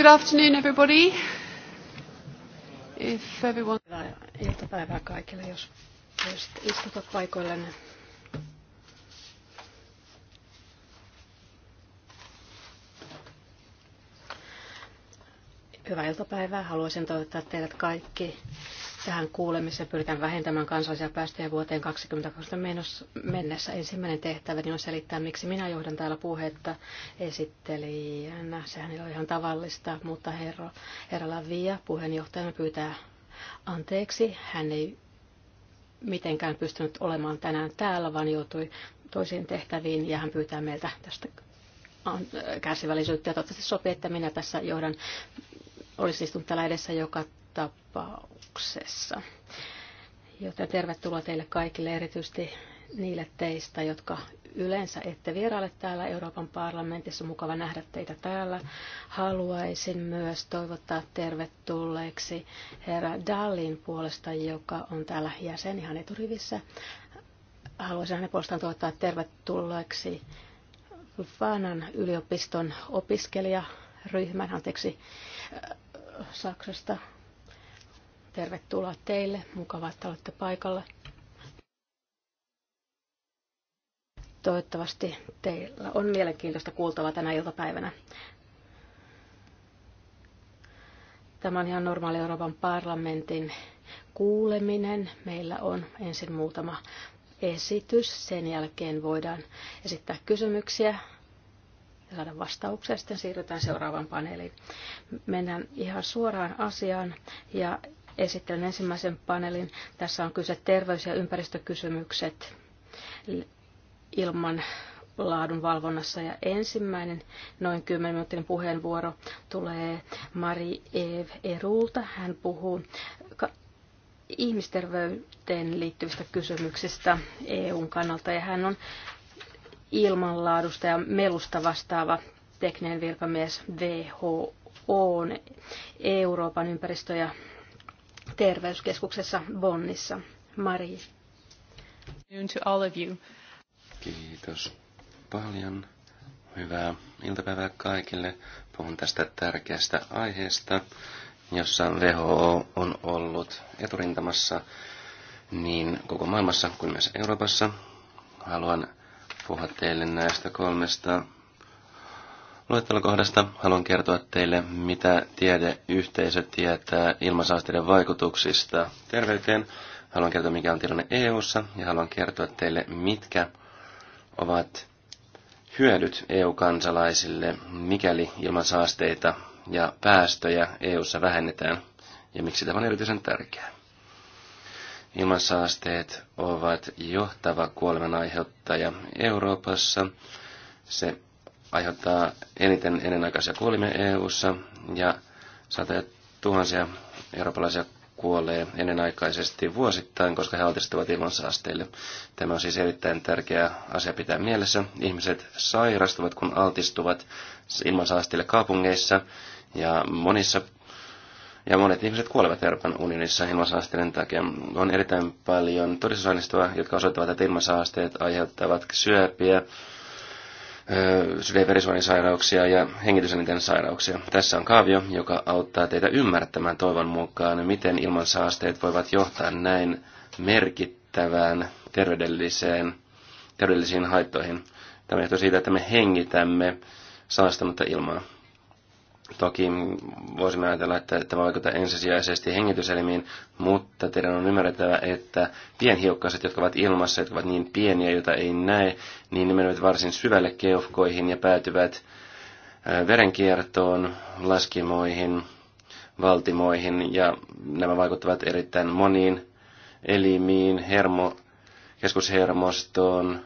Good afternoon, everybody. If everyone... Hyvää iltapäivää kaikille, jos voisit istuta paikoillenne. Hyvää iltapäivää. Haluaisin toivottaa teidät kaikki Tähän kuulemiseen pyritään vähentämään kansallisia päästöjä vuoteen 2020 mennessä. Ensimmäinen tehtäväni on selittää, miksi minä johdan täällä puhetta esittelijänä. Sehän ole ihan tavallista, mutta herra, herra Lavia puheenjohtajana pyytää anteeksi. Hän ei mitenkään pystynyt olemaan tänään täällä, vaan joutui toisiin tehtäviin ja hän pyytää meiltä tästä kärsivällisyyttä. Ja toivottavasti sopii, että minä tässä johdan olisi istunut täällä edessä joka tapauksessa. Joten tervetuloa teille kaikille, erityisesti niille teistä, jotka yleensä ette vieraille täällä Euroopan parlamentissa. Mukava nähdä teitä täällä. Haluaisin myös toivottaa tervetulleeksi herra Dallin puolesta, joka on täällä jäsen ihan eturivissä. Haluaisin hänen puolestaan toivottaa tervetulleeksi Vanan yliopiston opiskelijaryhmän, anteeksi, Saksasta Tervetuloa teille. Mukavaa, että olette paikalla. Toivottavasti teillä on mielenkiintoista kuultavaa tänä iltapäivänä. Tämä on ihan normaali Euroopan parlamentin kuuleminen. Meillä on ensin muutama esitys. Sen jälkeen voidaan esittää kysymyksiä ja saada vastauksia. Sitten siirrytään seuraavaan paneeliin. Mennään ihan suoraan asiaan ja Esittelen ensimmäisen paneelin. Tässä on kyse terveys- ja ympäristökysymykset ilman laadun valvonnassa. Ja ensimmäinen noin 10 minuutin puheenvuoro tulee Mari Eve Erulta. Hän puhuu ihmisterveyteen liittyvistä kysymyksistä EUn kannalta ja hän on ilmanlaadusta ja melusta vastaava tekninen virkamies WHO, Euroopan ympäristö- ja terveyskeskuksessa Bonnissa. Marie. To all of you. Kiitos paljon. Hyvää iltapäivää kaikille. Puhun tästä tärkeästä aiheesta, jossa WHO on ollut eturintamassa niin koko maailmassa kuin myös Euroopassa. Haluan puhua teille näistä kolmesta luettelokohdasta haluan kertoa teille, mitä tiedeyhteisö tietää ilmansaasteiden vaikutuksista terveyteen. Haluan kertoa, mikä on tilanne EU:ssa ja haluan kertoa teille, mitkä ovat hyödyt EU-kansalaisille, mikäli ilmansaasteita ja päästöjä EU:ssa vähennetään ja miksi tämä on erityisen tärkeää. Ilmansaasteet ovat johtava kuolemanaiheuttaja aiheuttaja Euroopassa. Se aiheuttaa eniten ennenaikaisia kuolimia EU-ssa ja satoja tuhansia eurooppalaisia kuolee ennenaikaisesti vuosittain, koska he altistuvat ilmansaasteille. Tämä on siis erittäin tärkeä asia pitää mielessä. Ihmiset sairastuvat, kun altistuvat ilmansaasteille kaupungeissa ja monissa ja monet ihmiset kuolevat Euroopan unionissa ilmansaasteiden takia. On erittäin paljon todistusaineistoa, jotka osoittavat, että ilmansaasteet aiheuttavat syöpiä, sydän- sairauksia ja hengityselinten sairauksia. Tässä on kaavio, joka auttaa teitä ymmärtämään toivon mukaan, miten ilmansaasteet voivat johtaa näin merkittävään terveydelliseen, terveydellisiin haittoihin. Tämä johtuu siitä, että me hengitämme saastamatta ilmaa. Toki voisimme ajatella, että tämä vaikuttaa ensisijaisesti hengityselimiin, mutta teidän on ymmärrettävä, että pienhiukkaset, jotka ovat ilmassa, jotka ovat niin pieniä, joita ei näe, niin ne menevät varsin syvälle keuhkoihin ja päätyvät verenkiertoon, laskimoihin, valtimoihin ja nämä vaikuttavat erittäin moniin elimiin, hermo, keskushermostoon,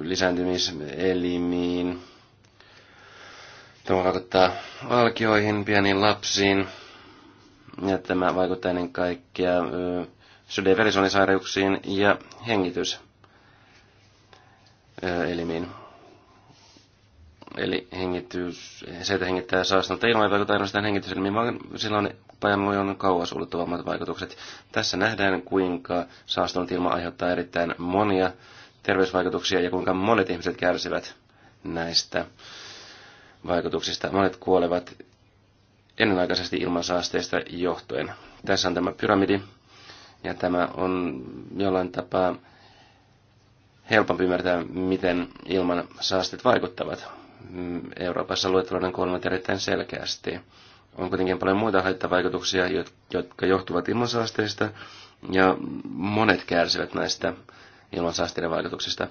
lisääntymiselimiin, Tämä vaikuttaa valkioihin, pieniin lapsiin. Ja tämä vaikuttaa ennen kaikkea sydän- ja verisuonisairauksiin ja hengityselimiin. Eli hengitys, se, että hengittää saastunutta ilmaa ei vaikuta ainoastaan hengityselmiin, vaan sillä on kauas ulottuvammat vaikutukset. Tässä nähdään, kuinka saastunut ilma aiheuttaa erittäin monia terveysvaikutuksia ja kuinka monet ihmiset kärsivät näistä vaikutuksista. Monet kuolevat ennenaikaisesti ilmansaasteista johtuen. Tässä on tämä pyramidi, ja tämä on jollain tapaa helpompi ymmärtää, miten ilman vaikuttavat. Euroopassa luettelon kolmat erittäin selkeästi. On kuitenkin paljon muita haittavaikutuksia, jotka johtuvat ilmansaasteista, ja monet kärsivät näistä ilmansaasteiden vaikutuksista.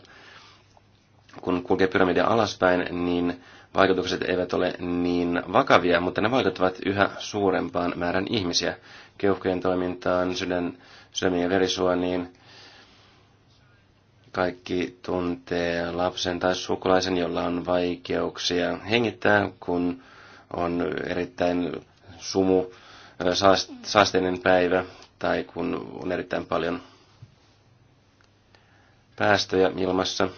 Kun kulkee pyramidia alaspäin, niin vaikutukset eivät ole niin vakavia, mutta ne vaikuttavat yhä suurempaan määrän ihmisiä. Keuhkojen toimintaan, sydän, sydämiin ja verisuoniin. Kaikki tuntee lapsen tai sukulaisen, jolla on vaikeuksia hengittää, kun on erittäin sumu, saasteinen päivä tai kun on erittäin paljon päästöjä ilmassa –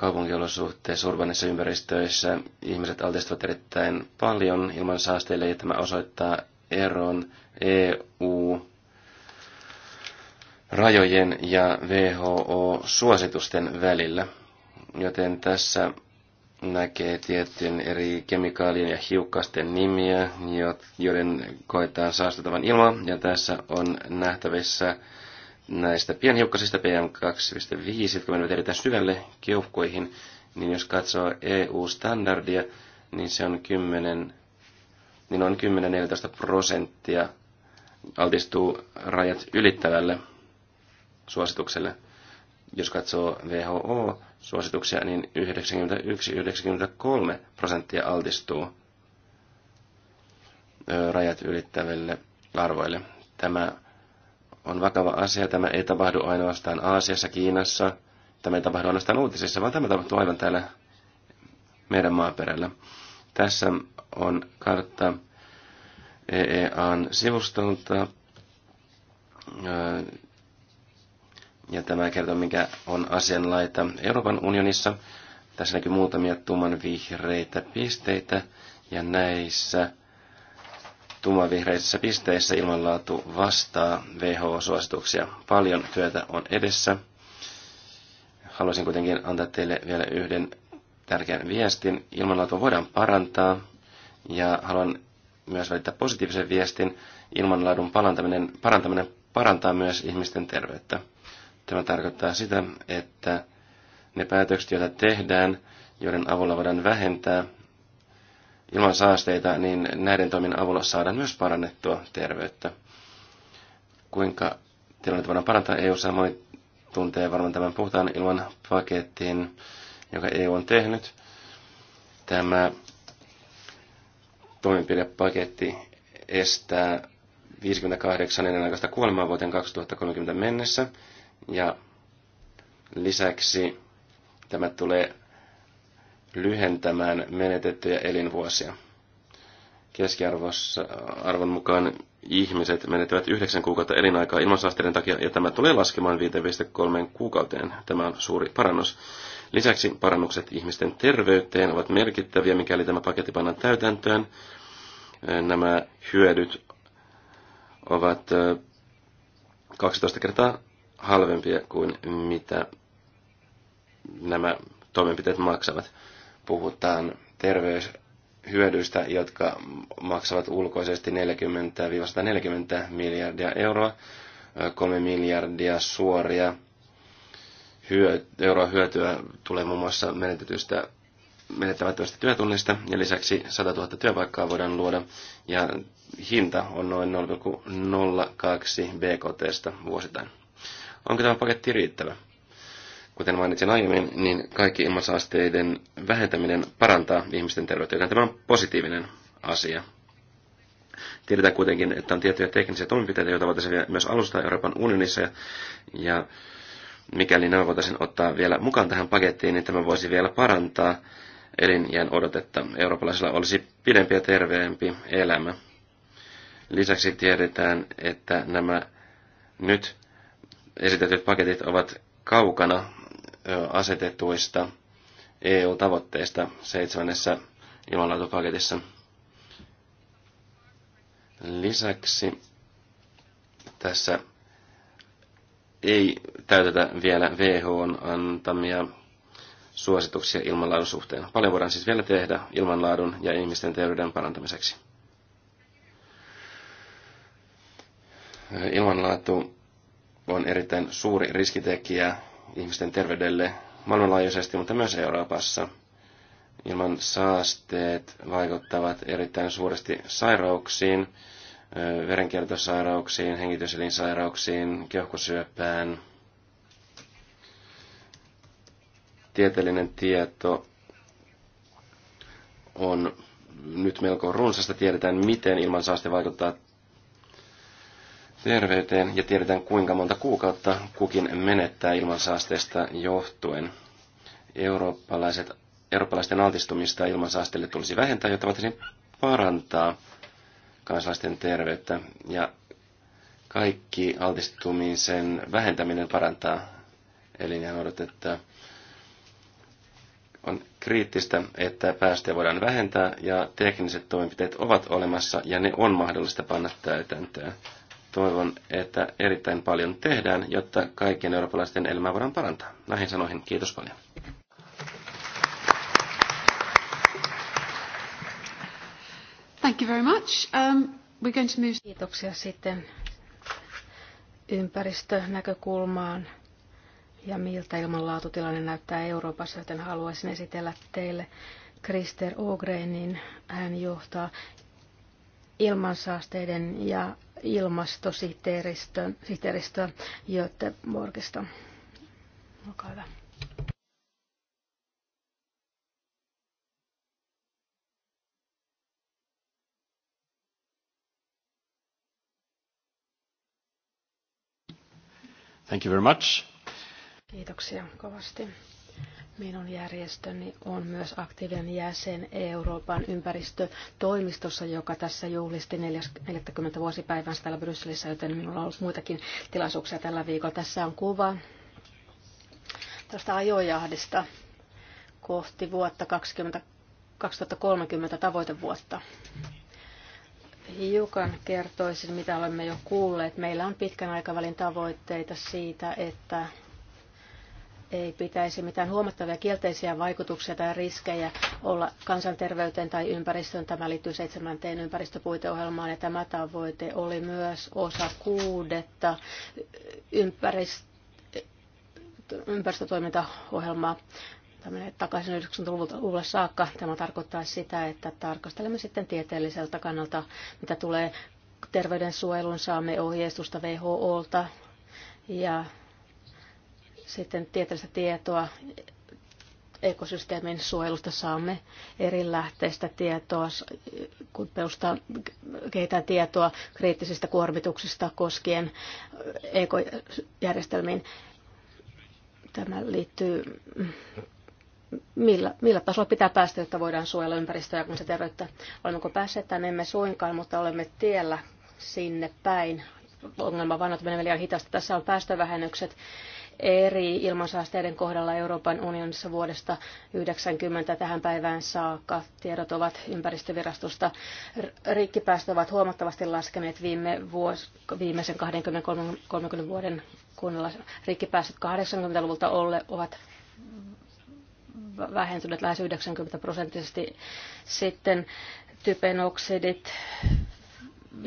kaupunkiolosuhteissa, urbanissa ympäristöissä ihmiset altistuvat erittäin paljon ilman saasteille, ja tämä osoittaa eron EU rajojen ja WHO-suositusten välillä. Joten tässä näkee tiettyjen eri kemikaalien ja hiukkasten nimiä, joiden koetaan saastuttavan ilmaa, ja tässä on nähtävissä näistä pienhiukkasista PM2.5, jotka menevät erittäin syvälle keuhkoihin, niin jos katsoo EU-standardia, niin se on 10, niin on 10-14 prosenttia altistuu rajat ylittävälle suositukselle. Jos katsoo WHO-suosituksia, niin 91-93 prosenttia altistuu rajat ylittäville arvoille. Tämä on vakava asia. Tämä ei tapahdu ainoastaan Aasiassa, Kiinassa. Tämä ei tapahdu ainoastaan uutisissa, vaan tämä tapahtuu aivan täällä meidän maaperällä. Tässä on kartta EEAn sivustolta. Öö, ja tämä kertoo, mikä on asianlaita Euroopan unionissa. Tässä näkyy muutamia tumman vihreitä pisteitä. Ja näissä tummanvihreissä pisteissä ilmanlaatu vastaa WHO-suosituksia. Paljon työtä on edessä. Haluaisin kuitenkin antaa teille vielä yhden tärkeän viestin. Ilmanlaatu voidaan parantaa ja haluan myös välittää positiivisen viestin. Ilmanlaadun parantaminen, parantaminen parantaa myös ihmisten terveyttä. Tämä tarkoittaa sitä, että ne päätökset, joita tehdään, joiden avulla voidaan vähentää ilman saasteita, niin näiden toimin avulla saadaan myös parannettua terveyttä. Kuinka tilanne voidaan parantaa EU samoin tuntee varmaan tämän puhtaan ilman paketin, joka EU on tehnyt. Tämä toimenpidepaketti estää 58 ennenaikaista kuolemaa vuoteen 2030 mennessä. Ja lisäksi tämä tulee lyhentämään menetettyjä elinvuosia. Keskiarvon mukaan ihmiset menettävät yhdeksän kuukautta elinaikaa ilmansaasteiden takia, ja tämä tulee laskemaan 5,3 kuukauteen. Tämä on suuri parannus. Lisäksi parannukset ihmisten terveyteen ovat merkittäviä, mikäli tämä paketti pannaan täytäntöön. Nämä hyödyt ovat 12 kertaa halvempia kuin mitä nämä toimenpiteet maksavat puhutaan terveyshyödyistä, jotka maksavat ulkoisesti 40-140 miljardia euroa, 3 miljardia suoria hyö, euroa hyötyä tulee muun muassa menetetystä menettävättävästä työtunnista ja lisäksi 100 000 työpaikkaa voidaan luoda ja hinta on noin 0,02 BKTstä vuosittain. Onko tämä paketti riittävä? Kuten mainitsin aiemmin, niin kaikki ilmansaasteiden vähentäminen parantaa ihmisten terveyttä, joten tämä on positiivinen asia. Tiedetään kuitenkin, että on tiettyjä teknisiä toimenpiteitä, joita voitaisiin myös alustaa Euroopan unionissa, ja mikäli nämä voitaisiin ottaa vielä mukaan tähän pakettiin, niin tämä voisi vielä parantaa elinjään odotetta. Eurooppalaisilla olisi pidempi ja terveempi elämä. Lisäksi tiedetään, että nämä nyt esitetyt paketit ovat kaukana asetetuista EU-tavoitteista seitsemännessä ilmanlaatupaketissa. Lisäksi tässä ei täytetä vielä WHOn antamia suosituksia ilmanlaadun suhteen. Paljon voidaan siis vielä tehdä ilmanlaadun ja ihmisten terveyden parantamiseksi. Ilmanlaatu on erittäin suuri riskitekijä ihmisten terveydelle maailmanlaajuisesti, mutta myös Euroopassa. Ilman saasteet vaikuttavat erittäin suuresti sairauksiin, verenkiertosairauksiin, hengityselinsairauksiin, keuhkosyöpään. Tieteellinen tieto on nyt melko runsasta. Tiedetään, miten ilman saaste vaikuttaa terveyteen ja tiedetään kuinka monta kuukautta kukin menettää ilmansaasteesta johtuen. Eurooppalaiset, eurooppalaisten altistumista ilmansaasteelle tulisi vähentää, jotta voitaisiin parantaa kansalaisten terveyttä. Ja kaikki altistumisen vähentäminen parantaa elinjäänodotetta. On kriittistä, että päästöjä voidaan vähentää ja tekniset toimenpiteet ovat olemassa ja ne on mahdollista panna täytäntöön. Toivon, että erittäin paljon tehdään, jotta kaikkien eurooppalaisten elämää voidaan parantaa. Näihin sanoihin kiitos paljon. Thank you very much. Um, we're going to move... Kiitoksia sitten ympäristönäkökulmaan ja miltä ilmanlaatutilanne näyttää Euroopassa, joten haluaisin esitellä teille Krister Ogrenin. Hän johtaa ilmansaasteiden ja ilmastosihteeristö Göteborgista. Olkaa hyvä. Thank you very much. Kiitoksia kovasti. Minun järjestöni on myös aktiivinen jäsen Euroopan ympäristötoimistossa, joka tässä juhlisti 40 vuosipäivänsä täällä Brysselissä, joten minulla on ollut muitakin tilaisuuksia tällä viikolla. Tässä on kuva tästä ajojahdista kohti vuotta 20, 2030 tavoitevuotta. Hiukan kertoisin, mitä olemme jo kuulleet. Meillä on pitkän aikavälin tavoitteita siitä, että ei pitäisi mitään huomattavia kielteisiä vaikutuksia tai riskejä olla kansanterveyteen tai ympäristöön. Tämä liittyy seitsemänteen ympäristöpuiteohjelmaan ja tämä tavoite oli myös osa kuudetta ympäristö, ympäristötoimintaohjelmaa tämä menee takaisin 90-luvulle saakka. Tämä tarkoittaa sitä, että tarkastelemme sitten tieteelliseltä kannalta, mitä tulee terveydensuojelun saamme ohjeistusta WHOlta ja sitten tieteellistä tietoa ekosysteemin suojelusta saamme eri lähteistä tietoa, kun perustaa, kehitään tietoa kriittisistä kuormituksista koskien ekojärjestelmiin. Tämä liittyy, millä, millä tasolla pitää päästä, jotta voidaan suojella ympäristöä ja se terveyttä. Olemmeko päässeet tänne, emme suinkaan, mutta olemme tiellä sinne päin. Ongelma vanhat että menemme liian hitaasti. Tässä on päästövähennykset eri ilmansaasteiden kohdalla Euroopan unionissa vuodesta 1990 tähän päivään saakka. Tiedot ovat ympäristövirastosta. Rikkipäästö ovat huomattavasti laskeneet viime vuos, viimeisen 20-30 vuoden kuunnella. Rikkipäästöt 80-luvulta olle ovat vähentyneet lähes 90 prosenttisesti. Sitten typenoksidit 50-60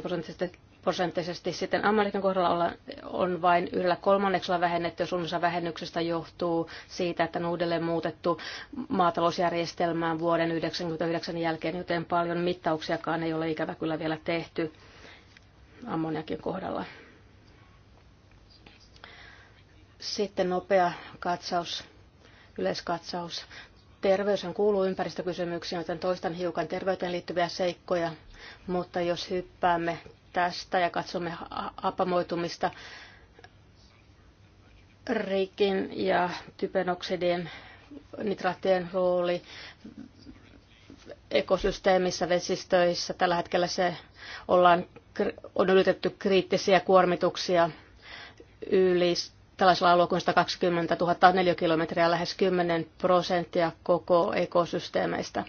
prosenttisesti prosenttisesti. Sitten Amerikan kohdalla on vain yhdellä kolmanneksella vähennetty, jos suunnassa vähennyksestä johtuu siitä, että on uudelleen muutettu maatalousjärjestelmään vuoden 1999 jälkeen, joten paljon mittauksiakaan ei ole ikävä kyllä vielä tehty ammoniakin kohdalla. Sitten nopea katsaus, yleiskatsaus. Terveyshän kuuluu ympäristökysymyksiin, joten toistan hiukan terveyteen liittyviä seikkoja, mutta jos hyppäämme tästä ja katsomme apamoitumista rikin ja typenoksidien nitraattien rooli ekosysteemissä, vesistöissä. Tällä hetkellä se ollaan, on ylitetty kriittisiä kuormituksia yli tällaisella alueella kuin 120 000 neliökilometriä, lähes 10 prosenttia koko ekosysteemeistä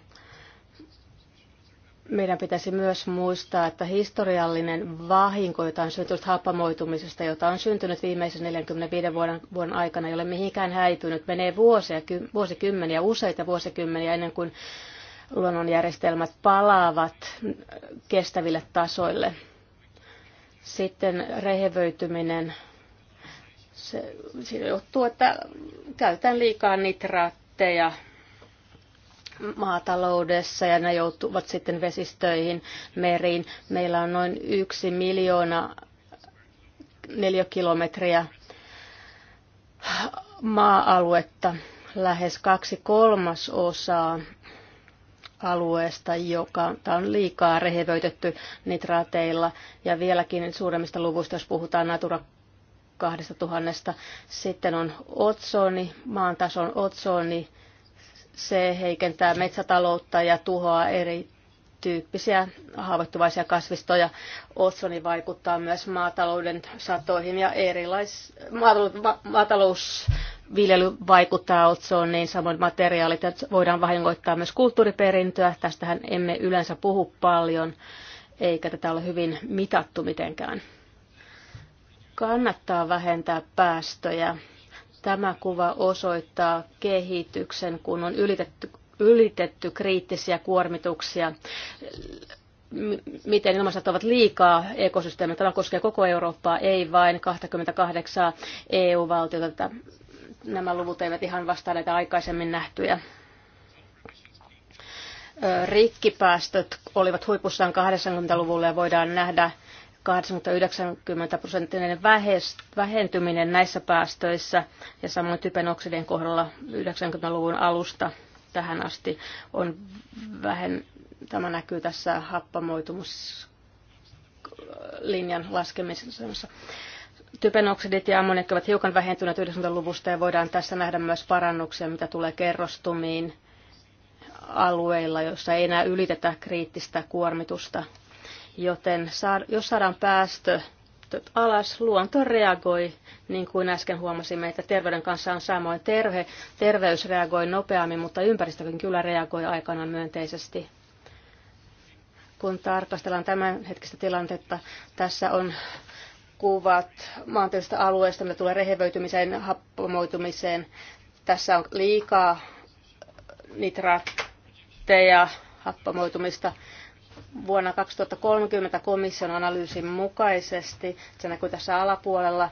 meidän pitäisi myös muistaa, että historiallinen vahinko, jota on syntynyt happamoitumisesta, jota on syntynyt viimeisen 45 vuoden, vuoden aikana, ei ole mihinkään häipynyt, menee vuosia, vuosikymmeniä, useita vuosikymmeniä ennen kuin luonnonjärjestelmät palaavat kestäville tasoille. Sitten rehevöityminen, se, se johtuu, että käytetään liikaa nitraatteja, maataloudessa ja ne joutuvat sitten vesistöihin, meriin. Meillä on noin yksi miljoona neliökilometriä maa-aluetta, lähes kaksi kolmasosaa alueesta, joka on liikaa rehevöitetty nitraateilla ja vieläkin suuremmista luvuista, jos puhutaan Natura 2000. Sitten on otsoni, maan tason otsoni, se heikentää metsätaloutta ja tuhoaa tyyppisiä haavoittuvaisia kasvistoja. Otsoni vaikuttaa myös maatalouden satoihin ja erilais, maatalous, maatalousviljely vaikuttaa otsoon, niin samoin materiaalit voidaan vahingoittaa myös kulttuuriperintöä. Tästähän emme yleensä puhu paljon, eikä tätä ole hyvin mitattu mitenkään. Kannattaa vähentää päästöjä Tämä kuva osoittaa kehityksen, kun on ylitetty, ylitetty kriittisiä kuormituksia miten ilmastot ovat liikaa ekosysteemiä. Tämä koskee koko Eurooppaa, ei vain 28 EU-valtiota. Nämä luvut eivät ihan vastaa näitä aikaisemmin nähtyjä. Rikkipäästöt olivat huipussaan 80-luvulla ja voidaan nähdä 80-90 prosenttinen vähentyminen näissä päästöissä ja samoin typen oksidien kohdalla 90-luvun alusta tähän asti on vähän, tämä näkyy tässä happamoitumuslinjan laskemisessa. Typenoksidit ja ammoniakki ovat hiukan vähentyneet 90-luvusta ja voidaan tässä nähdä myös parannuksia, mitä tulee kerrostumiin alueilla, joissa ei enää ylitetä kriittistä kuormitusta Joten jos saadaan päästö alas, luonto reagoi, niin kuin äsken huomasimme, että terveyden kanssa on samoin terve. Terveys reagoi nopeammin, mutta ympäristökin kyllä reagoi aikana myönteisesti. Kun tarkastellaan tämän hetkistä tilannetta, tässä on kuvat maantieteellisestä alueesta, mitä tulee rehevöitymiseen, happomoitumiseen. Tässä on liikaa nitraatteja, happamoitumista vuonna 2030 komission analyysin mukaisesti, se näkyy tässä alapuolella,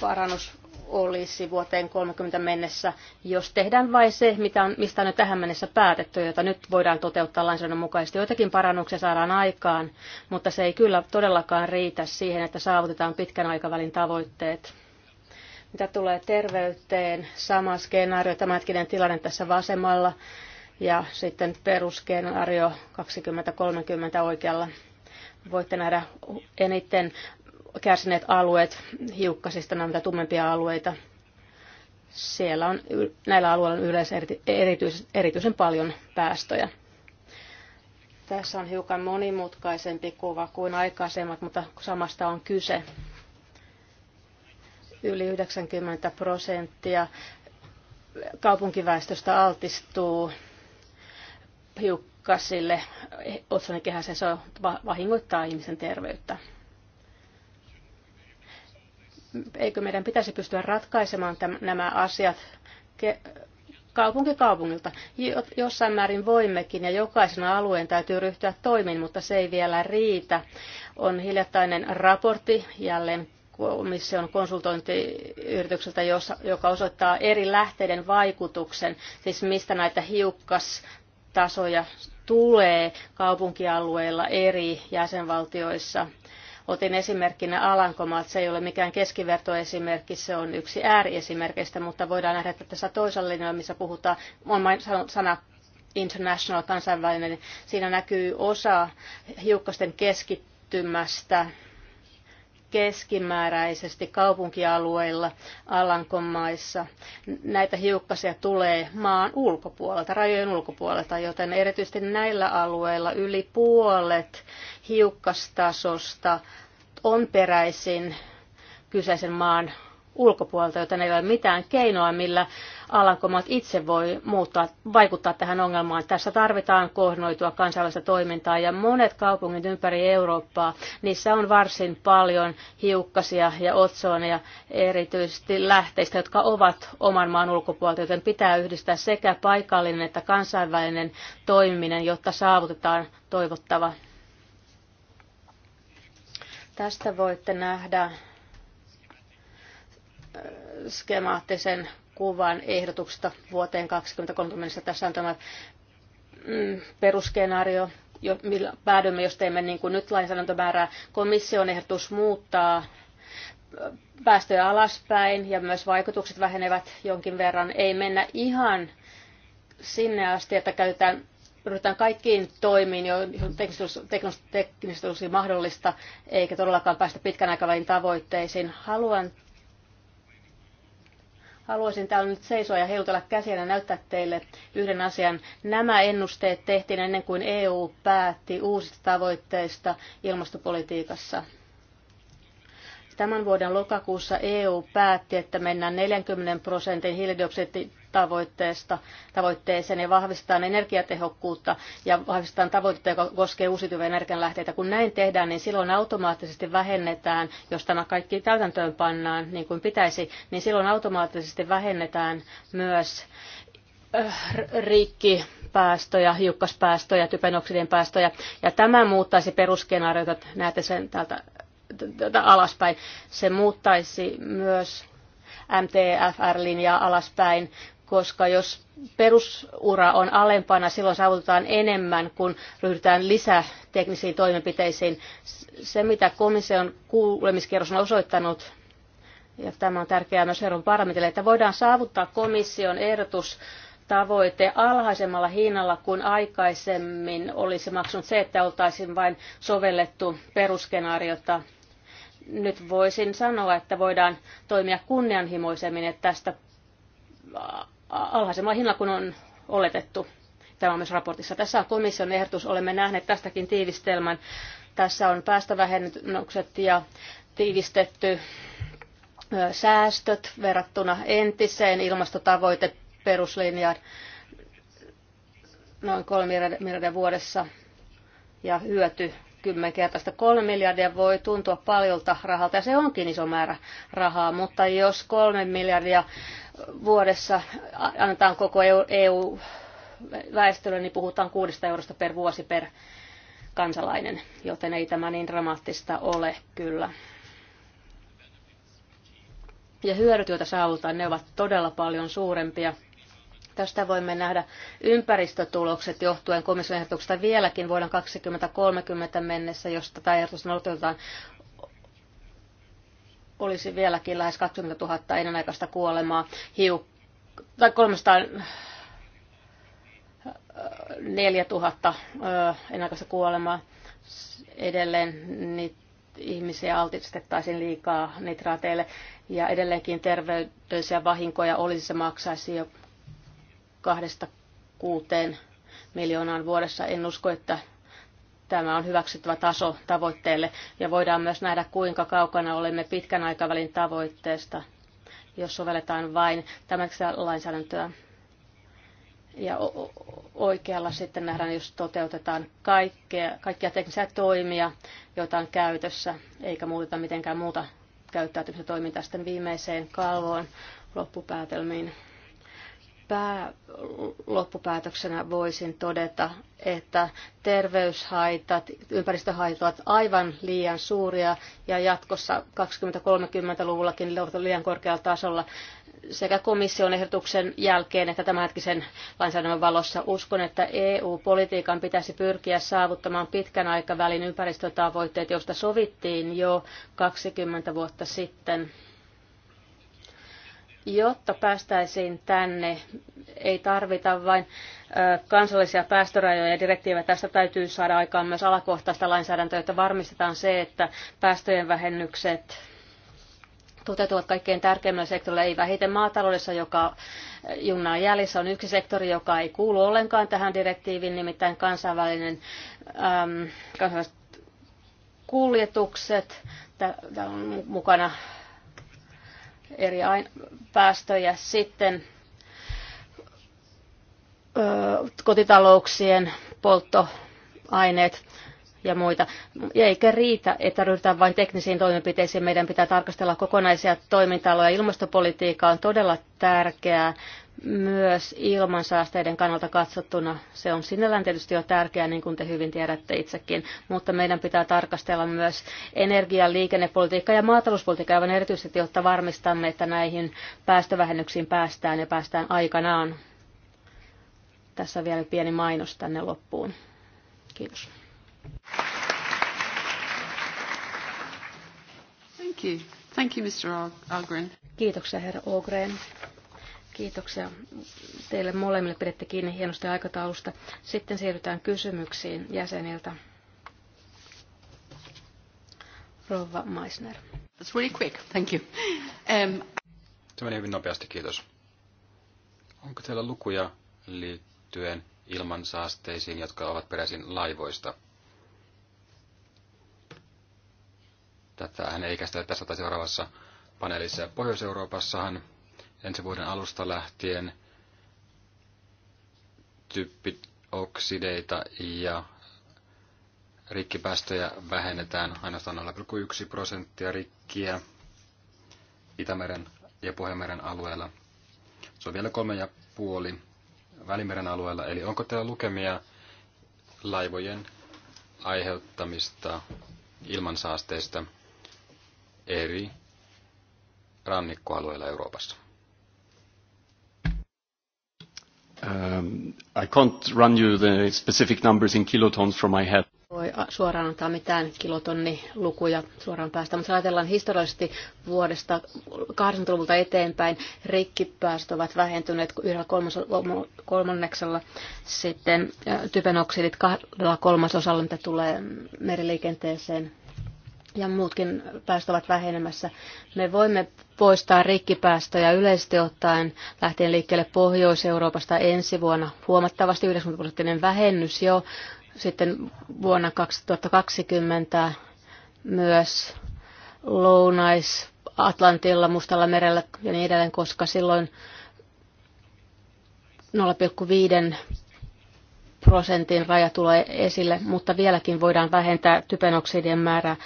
parannus olisi vuoteen 30 mennessä, jos tehdään vain se, mitä on, mistä on jo tähän mennessä päätetty, jota nyt voidaan toteuttaa lainsäädännön mukaisesti. Joitakin parannuksia saadaan aikaan, mutta se ei kyllä todellakaan riitä siihen, että saavutetaan pitkän aikavälin tavoitteet. Mitä tulee terveyteen, sama skenaario, tämänhetkinen tilanne tässä vasemmalla ja sitten peruskenaario 2030 oikealla. Voitte nähdä eniten kärsineet alueet hiukkasista, nämä mitä tummempia alueita. Siellä on, näillä alueilla on yleensä erityis- erityisen paljon päästöjä. Tässä on hiukan monimutkaisempi kuva kuin aikaisemmat, mutta samasta on kyse. Yli 90 prosenttia kaupunkiväestöstä altistuu hiukkasille eh, otsanekehässä se vahingoittaa ihmisen terveyttä. Eikö meidän pitäisi pystyä ratkaisemaan täm, nämä asiat ke- kaupunki kaupungilta? Jossain määrin voimmekin ja jokaisen alueen täytyy ryhtyä toimiin, mutta se ei vielä riitä. On hiljattainen raportti jälleen komission konsultointiyritykseltä, joka osoittaa eri lähteiden vaikutuksen, siis mistä näitä hiukkas tasoja tulee kaupunkialueilla eri jäsenvaltioissa. Otin esimerkkinä Alankomaat, se ei ole mikään keskivertoesimerkki, se on yksi ääriesimerkistä, mutta voidaan nähdä, että tässä toisella linjalla, missä puhutaan, on sana international, kansainvälinen, niin siinä näkyy osa hiukkasten keskittymästä keskimääräisesti kaupunkialueilla Alankomaissa. Näitä hiukkasia tulee maan ulkopuolelta, rajojen ulkopuolelta, joten erityisesti näillä alueilla yli puolet hiukkastasosta on peräisin kyseisen maan ulkopuolelta, joten ei ole mitään keinoa, millä alankomaat itse voi muuttaa, vaikuttaa tähän ongelmaan. Tässä tarvitaan koordinoitua kansainvälistä toimintaa ja monet kaupungit ympäri Eurooppaa, niissä on varsin paljon hiukkasia ja otsoneja erityisesti lähteistä, jotka ovat oman maan ulkopuolelta, joten pitää yhdistää sekä paikallinen että kansainvälinen toimiminen, jotta saavutetaan toivottava Tästä voitte nähdä skemaattisen kuvan ehdotuksesta vuoteen 2030. Tässä on tämä mm, perusskenaario, jo, millä päädymme, jos teemme niin kuin nyt lainsäädäntömäärää. Komission ehdotus muuttaa päästöjä alaspäin ja myös vaikutukset vähenevät jonkin verran. Ei mennä ihan sinne asti, että käytetään ryhdytään kaikkiin toimiin, joihin teknisesti mahdollista, eikä todellakaan päästä pitkän aikavälin tavoitteisiin. Haluan Haluaisin täällä nyt seisoa ja heilutella käsiä ja näyttää teille yhden asian. Nämä ennusteet tehtiin ennen kuin EU päätti uusista tavoitteista ilmastopolitiikassa. Tämän vuoden lokakuussa EU päätti, että mennään 40 prosentin hiilidioksidin tavoitteesta, tavoitteeseen ja vahvistetaan energiatehokkuutta ja vahvistetaan tavoitetta, joka koskee uusiutuvia energianlähteitä. Kun näin tehdään, niin silloin automaattisesti vähennetään, jos tämä kaikki täytäntöön pannaan niin kuin pitäisi, niin silloin automaattisesti vähennetään myös äh, rikki päästöjä, hiukkaspäästöjä, typenoksidin päästöjä. Ja tämä muuttaisi perusskenaariota, näette sen täältä alaspäin. Se muuttaisi myös MTFR-linjaa alaspäin koska jos perusura on alempana, silloin saavutetaan enemmän, kun ryhdytään lisäteknisiin toimenpiteisiin. Se, mitä komission kuulemiskierros on osoittanut, ja tämä on tärkeää myös Euroopan parlamentille, että voidaan saavuttaa komission ehdotus tavoite alhaisemmalla hinnalla kuin aikaisemmin olisi maksanut se, että oltaisiin vain sovellettu perusskenaariota. Nyt voisin sanoa, että voidaan toimia kunnianhimoisemmin, että tästä alhaisemmalla hinnalla kuin on oletettu. Tämä on myös raportissa. Tässä on komission ehdotus. Olemme nähneet tästäkin tiivistelmän. Tässä on päästövähennykset ja tiivistetty säästöt verrattuna entiseen ilmastotavoite peruslinjaan noin kolme miljardia vuodessa ja hyöty kymmenkertaista. Kolme miljardia voi tuntua paljolta rahalta ja se onkin iso määrä rahaa, mutta jos kolme miljardia vuodessa annetaan koko EU-väestölle, niin puhutaan kuudesta eurosta per vuosi per kansalainen, joten ei tämä niin dramaattista ole kyllä. Ja hyödyt, joita saavutaan, ne ovat todella paljon suurempia – Tästä voimme nähdä ympäristötulokset johtuen komission ehdotuksesta vieläkin vuoden 2030 mennessä, jos tätä ehdotusta noudatetaan olisi vieläkin lähes 20 000 ennenaikaista kuolemaa, hiuk- tai 304 000 ennenaikaista kuolemaa. Edelleen niin ihmisiä altistettaisiin liikaa nitraateille ja edelleenkin terveydellisiä vahinkoja olisi se maksaisi jo kahdesta kuuteen miljoonaan vuodessa. En usko, että tämä on hyväksyttävä taso tavoitteelle ja voidaan myös nähdä, kuinka kaukana olemme pitkän aikavälin tavoitteesta, jos sovelletaan vain tämäksi lainsäädäntöä. Ja oikealla sitten nähdään, jos toteutetaan kaikkea, kaikkia teknisiä toimia, joita on käytössä, eikä muuteta mitenkään muuta käyttäytymistä toimintaa sitten viimeiseen kalvoon loppupäätelmiin pää, loppupäätöksenä voisin todeta, että terveyshaitat, ympäristöhaitat ovat aivan liian suuria ja jatkossa 20-30-luvullakin liian korkealla tasolla sekä komission ehdotuksen jälkeen että tämänhetkisen lainsäädännön valossa. Uskon, että EU-politiikan pitäisi pyrkiä saavuttamaan pitkän aikavälin ympäristötavoitteet, joista sovittiin jo 20 vuotta sitten Jotta päästäisiin tänne, ei tarvita vain kansallisia päästörajoja ja direktiivejä. Tästä täytyy saada aikaan myös alakohtaista lainsäädäntöä, että varmistetaan se, että päästöjen vähennykset toteutuvat kaikkein tärkeimmällä sektorilla, ei vähiten maataloudessa, joka junnaa jäljessä. On yksi sektori, joka ei kuulu ollenkaan tähän direktiiviin, nimittäin kansainvälinen, äm, kansainväliset kuljetukset. Täällä on mukana eri päästöjä. Sitten kotitalouksien polttoaineet ja muita. Ja eikä riitä, että ryhdytään vain teknisiin toimenpiteisiin. Meidän pitää tarkastella kokonaisia toimintaloja. Ilmastopolitiikka on todella tärkeää myös ilmansaasteiden kannalta katsottuna. Se on sinällään tietysti jo tärkeää, niin kuin te hyvin tiedätte itsekin, mutta meidän pitää tarkastella myös energia-, liikennepolitiikkaa ja maatalouspolitiikkaa aivan erityisesti, jotta varmistamme, että näihin päästövähennyksiin päästään ja päästään aikanaan. Tässä vielä pieni mainos tänne loppuun. Kiitos. Thank you. Thank you, Mr. Algren. Kiitoksia, herra Ogren. Kiitoksia teille molemmille. Pidätte kiinni hienosta aikataulusta. Sitten siirrytään kysymyksiin jäseniltä. Rova Meisner. That's really quick. Thank you. Um... Se meni hyvin nopeasti, kiitos. Onko teillä lukuja liittyen ilmansaasteisiin, jotka ovat peräisin laivoista? Tätä hän ei käsitellä tässä tai seuraavassa paneelissa. Pohjois-Euroopassahan ensi vuoden alusta lähtien typpioksideita ja rikkipäästöjä vähennetään ainoastaan 0,1 prosenttia rikkiä Itämeren ja Pohjanmeren alueella. Se on vielä kolme ja puoli Välimeren alueella. Eli onko teillä lukemia laivojen aiheuttamista ilmansaasteista – eri rannikkoalueilla Euroopassa? Um, I can't run you the specific numbers in kilotons from my head. Voi suoraan antaa mitään kilotonnilukuja suoraan päästä, mutta ajatellaan historiallisesti vuodesta 80-luvulta eteenpäin rikkipäästöt ovat vähentyneet yhdellä kolmanneksella, sitten typenoksidit kahdella kolmasosalla, mitä tulee meriliikenteeseen ja muutkin päästöt ovat vähenemässä. Me voimme poistaa rikkipäästöjä yleisesti ottaen lähtien liikkeelle Pohjois-Euroopasta ensi vuonna huomattavasti 90 prosenttinen vähennys jo sitten vuonna 2020 myös lounais Atlantilla, Mustalla merellä ja niin edelleen, koska silloin 0,5 prosentin raja tulee esille, mutta vieläkin voidaan vähentää typenoksidien määrää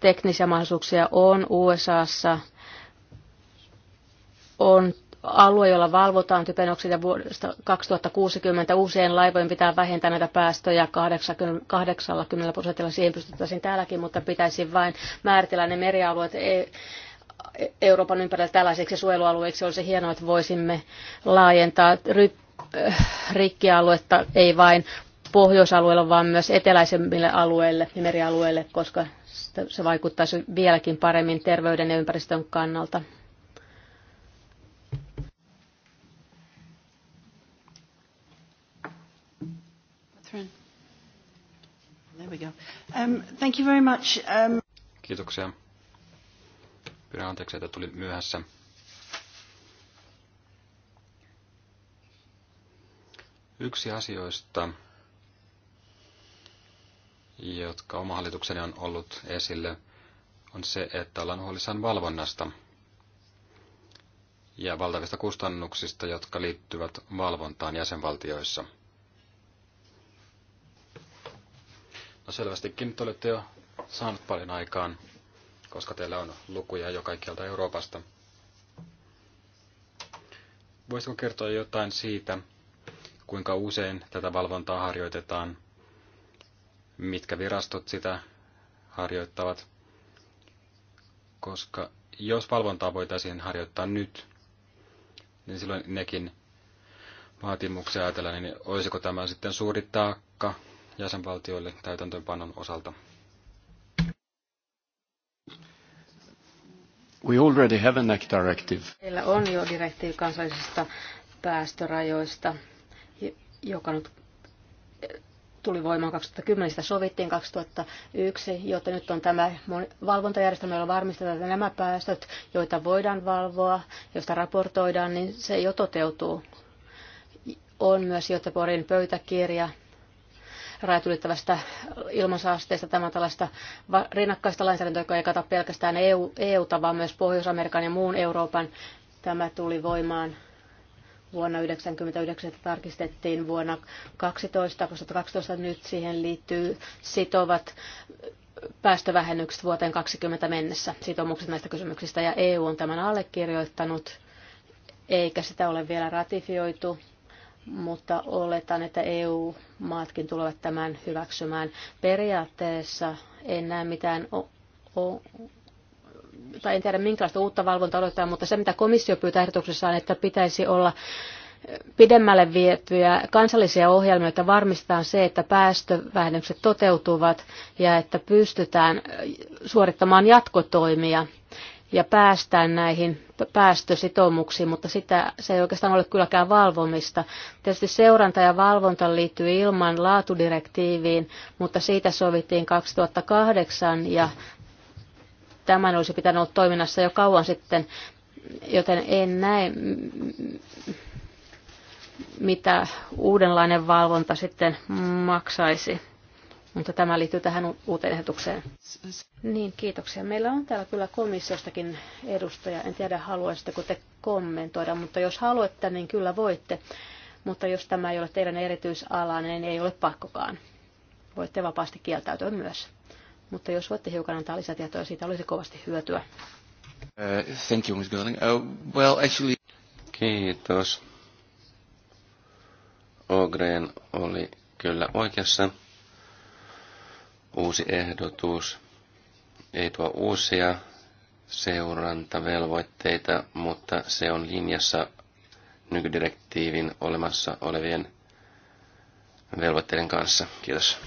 teknisiä mahdollisuuksia on USAssa. On alue, jolla valvotaan typenoksia. vuodesta 2060. Uusien laivojen pitää vähentää näitä päästöjä 80, 80 prosentilla. Siihen pystyttäisiin täälläkin, mutta pitäisi vain määritellä ne merialueet e, e, Euroopan ympärillä tällaisiksi suojelualueiksi. Olisi hienoa, että voisimme laajentaa ry, äh, rikkialuetta ei vain pohjoisalueella, vaan myös eteläisemmille alueille ja merialueille, koska se vaikuttaisi vieläkin paremmin terveyden ja ympäristön kannalta. Um, thank you very much. Um, Kiitoksia. Pyydän anteeksi, että tuli myöhässä. Yksi asioista, jotka oma hallitukseni on ollut esille, on se, että ollaan huolissaan valvonnasta ja valtavista kustannuksista, jotka liittyvät valvontaan jäsenvaltioissa. No selvästikin nyt olette jo saanut paljon aikaan, koska teillä on lukuja jo kaikkialta Euroopasta. Voisitko kertoa jotain siitä, kuinka usein tätä valvontaa harjoitetaan – mitkä virastot sitä harjoittavat, koska jos valvontaa voitaisiin harjoittaa nyt, niin silloin nekin vaatimuksia ajatellaan, niin olisiko tämä sitten suuri taakka jäsenvaltioille täytäntöönpanon osalta? We already have an act directive. Meillä on jo direktiivi kansallisista päästörajoista, joka nyt tuli voimaan 2010, sitä sovittiin 2001, joten nyt on tämä valvontajärjestelmä, jolla varmistetaan, että nämä päästöt, joita voidaan valvoa, joista raportoidaan, niin se jo toteutuu. On myös Göteborgin pöytäkirja rajat ylittävästä ilmansaasteesta, tämä tällaista rinnakkaista lainsäädäntöä, joka ei kata pelkästään EU, EUta, vaan myös Pohjois-Amerikan ja muun Euroopan. Tämä tuli voimaan vuonna 1999 tarkistettiin vuonna koska 2012 nyt siihen liittyy sitovat päästövähennykset vuoteen 2020 mennessä, sitoumukset näistä kysymyksistä, ja EU on tämän allekirjoittanut, eikä sitä ole vielä ratifioitu, mutta oletan, että EU-maatkin tulevat tämän hyväksymään. Periaatteessa en näe mitään tai en tiedä minkälaista uutta valvontaa odotetaan, mutta se mitä komissio pyytää ehdotuksessaan, että pitäisi olla pidemmälle vietyjä kansallisia ohjelmia, että varmistetaan se, että päästövähennykset toteutuvat ja että pystytään suorittamaan jatkotoimia ja päästään näihin päästösitoumuksiin, mutta sitä, se ei oikeastaan ole kylläkään valvomista. Tietysti seuranta ja valvonta liittyy ilman laatudirektiiviin, mutta siitä sovittiin 2008 ja Tämän olisi pitänyt olla toiminnassa jo kauan sitten, joten en näe, mitä uudenlainen valvonta sitten maksaisi. Mutta tämä liittyy tähän uuteen ehdotukseen. Niin, kiitoksia. Meillä on täällä kyllä komissiostakin edustaja. En tiedä, haluaisitteko te kommentoida, mutta jos haluatte, niin kyllä voitte. Mutta jos tämä ei ole teidän erityisalanne, niin ei ole pakkokaan. Voitte vapaasti kieltäytyä myös. Mutta jos voitte hiukan antaa lisätietoja, siitä olisi kovasti hyötyä. Uh, thank you, Ms. Göring. Uh, well, actually... Kiitos. Ogren oli kyllä oikeassa. Uusi ehdotus ei tuo uusia seurantavelvoitteita, mutta se on linjassa nykydirektiivin olemassa olevien velvoitteiden kanssa. Kiitos.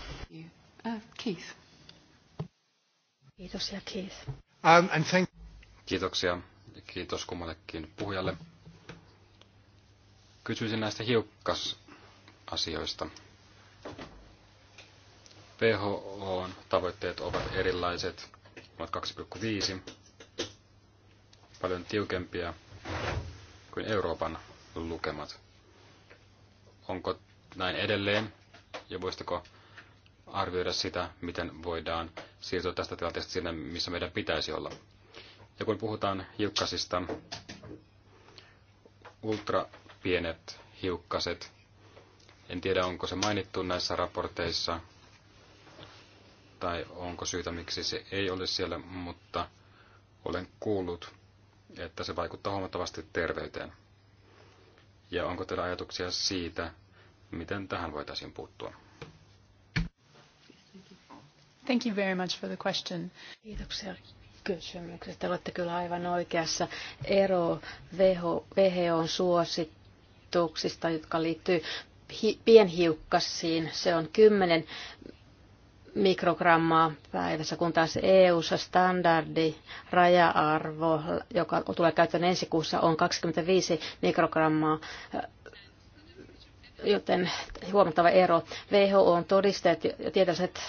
Uh, Keith. Kiitos ja Keith. Um, and thank... Kiitoksia. Kiitos kummallekin puhujalle. Kysyisin näistä hiukkasasioista. WHOn tavoitteet ovat erilaiset, ovat 2,5, paljon tiukempia kuin Euroopan lukemat. Onko näin edelleen ja voisitteko arvioida sitä, miten voidaan siirtyä tästä tilanteesta sinne, missä meidän pitäisi olla. Ja kun puhutaan hiukkasista, ultrapienet hiukkaset, en tiedä onko se mainittu näissä raporteissa tai onko syytä miksi se ei ole siellä, mutta olen kuullut, että se vaikuttaa huomattavasti terveyteen. Ja onko teillä ajatuksia siitä, miten tähän voitaisiin puuttua? Thank you very much for the question. Kiitoksia kysymyksestä. Olette kyllä aivan oikeassa. Ero WHOn suosituksista, jotka liittyy pienhiukkasiin, se on 10 mikrogrammaa päivässä, kun taas EU-ssa standardi raja-arvo, joka tulee käyttöön ensi kuussa, on 25 mikrogrammaa joten huomattava ero. WHO on todisteet ja tietäiset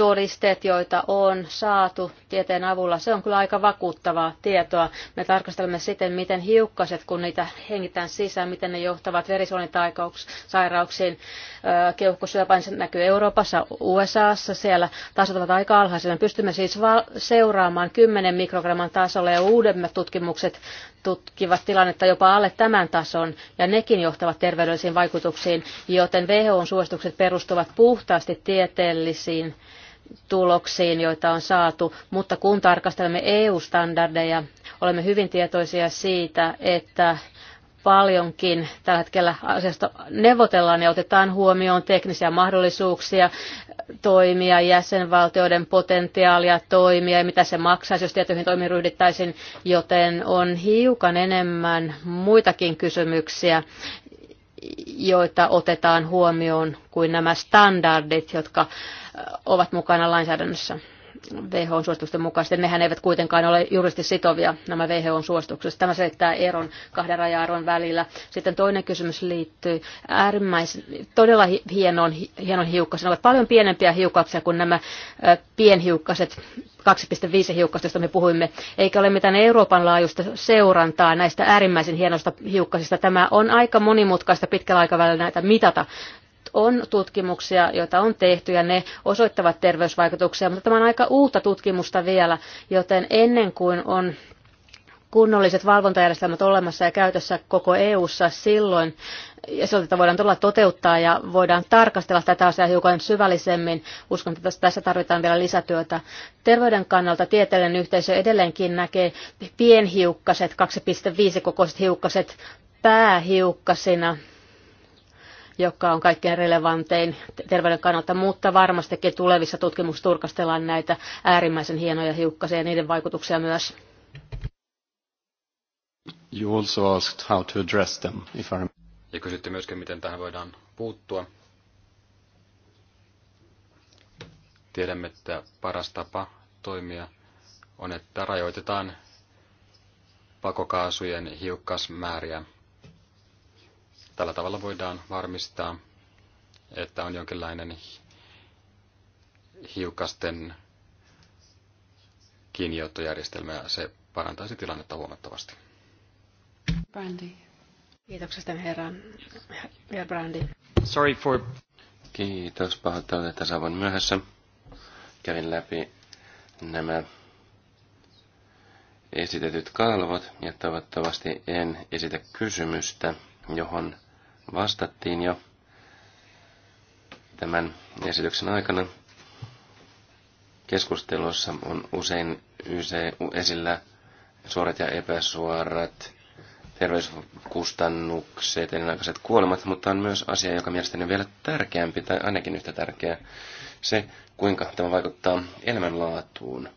todisteet, joita on saatu tieteen avulla, se on kyllä aika vakuuttavaa tietoa. Me tarkastelemme siten, miten hiukkaset, kun niitä hengitään sisään, miten ne johtavat verisuonitaikauksiin. Keuhkosyöpään se näkyy Euroopassa, USAssa, siellä tasot ovat aika Me Pystymme siis seuraamaan 10 mikrogramman tasolla ja uudemmat tutkimukset tutkivat tilannetta jopa alle tämän tason, ja nekin johtavat terveydellisiin vaikutuksiin, joten who suositukset perustuvat puhtaasti tieteellisiin tuloksiin, joita on saatu, mutta kun tarkastelemme EU-standardeja, olemme hyvin tietoisia siitä, että paljonkin tällä hetkellä asiasta neuvotellaan ja otetaan huomioon teknisiä mahdollisuuksia toimia, jäsenvaltioiden potentiaalia toimia ja mitä se maksaisi, jos tietyihin toimiin ryhdyttäisiin, joten on hiukan enemmän muitakin kysymyksiä, joita otetaan huomioon kuin nämä standardit, jotka ovat mukana lainsäädännössä. WHO-suositusten mukaisesti. Nehän eivät kuitenkaan ole juristi sitovia, nämä WHO-suositukset. Tämä selittää eron kahden raja-arvon välillä. Sitten toinen kysymys liittyy äärimmäisen, todella hienoon, hienon hiukkasen. Ne ovat paljon pienempiä hiukkasia kuin nämä pienhiukkaset 2,5 hiukkasta, josta me puhuimme, eikä ole mitään Euroopan laajuista seurantaa näistä äärimmäisen hienoista hiukkasista. Tämä on aika monimutkaista pitkällä aikavälillä näitä mitata on tutkimuksia, joita on tehty ja ne osoittavat terveysvaikutuksia, mutta tämä on aika uutta tutkimusta vielä, joten ennen kuin on kunnolliset valvontajärjestelmät olemassa ja käytössä koko EU-ssa silloin, ja siltä voidaan todella toteuttaa ja voidaan tarkastella tätä asiaa hiukan syvällisemmin. Uskon, että tässä tarvitaan vielä lisätyötä. Terveyden kannalta tieteellinen yhteisö edelleenkin näkee pienhiukkaset, 2,5 kokoiset hiukkaset päähiukkasina joka on kaikkein relevantein terveyden kannalta, mutta varmastikin tulevissa tutkimuksissa turkastellaan näitä äärimmäisen hienoja hiukkasia ja niiden vaikutuksia myös. You also asked how to address them, if I... Ja kysytte myöskin, miten tähän voidaan puuttua. Tiedämme, että paras tapa toimia on, että rajoitetaan pakokaasujen hiukkasmääriä Tällä tavalla voidaan varmistaa, että on jonkinlainen hiukasten kiinniottojärjestelmä ja se parantaisi tilannetta huomattavasti. Brandi. Kiitoksesta herra, herra Brandi. Sorry for... Kiitos, pahoittelen, että saavun myöhässä. Kävin läpi nämä esitetyt kalvot ja toivottavasti en esitä kysymystä, johon vastattiin jo tämän esityksen aikana. Keskusteluissa on usein esillä suorat ja epäsuorat terveyskustannukset, elinaikaiset kuolemat, mutta on myös asia, joka mielestäni on vielä tärkeämpi tai ainakin yhtä tärkeä. Se, kuinka tämä vaikuttaa elämänlaatuun,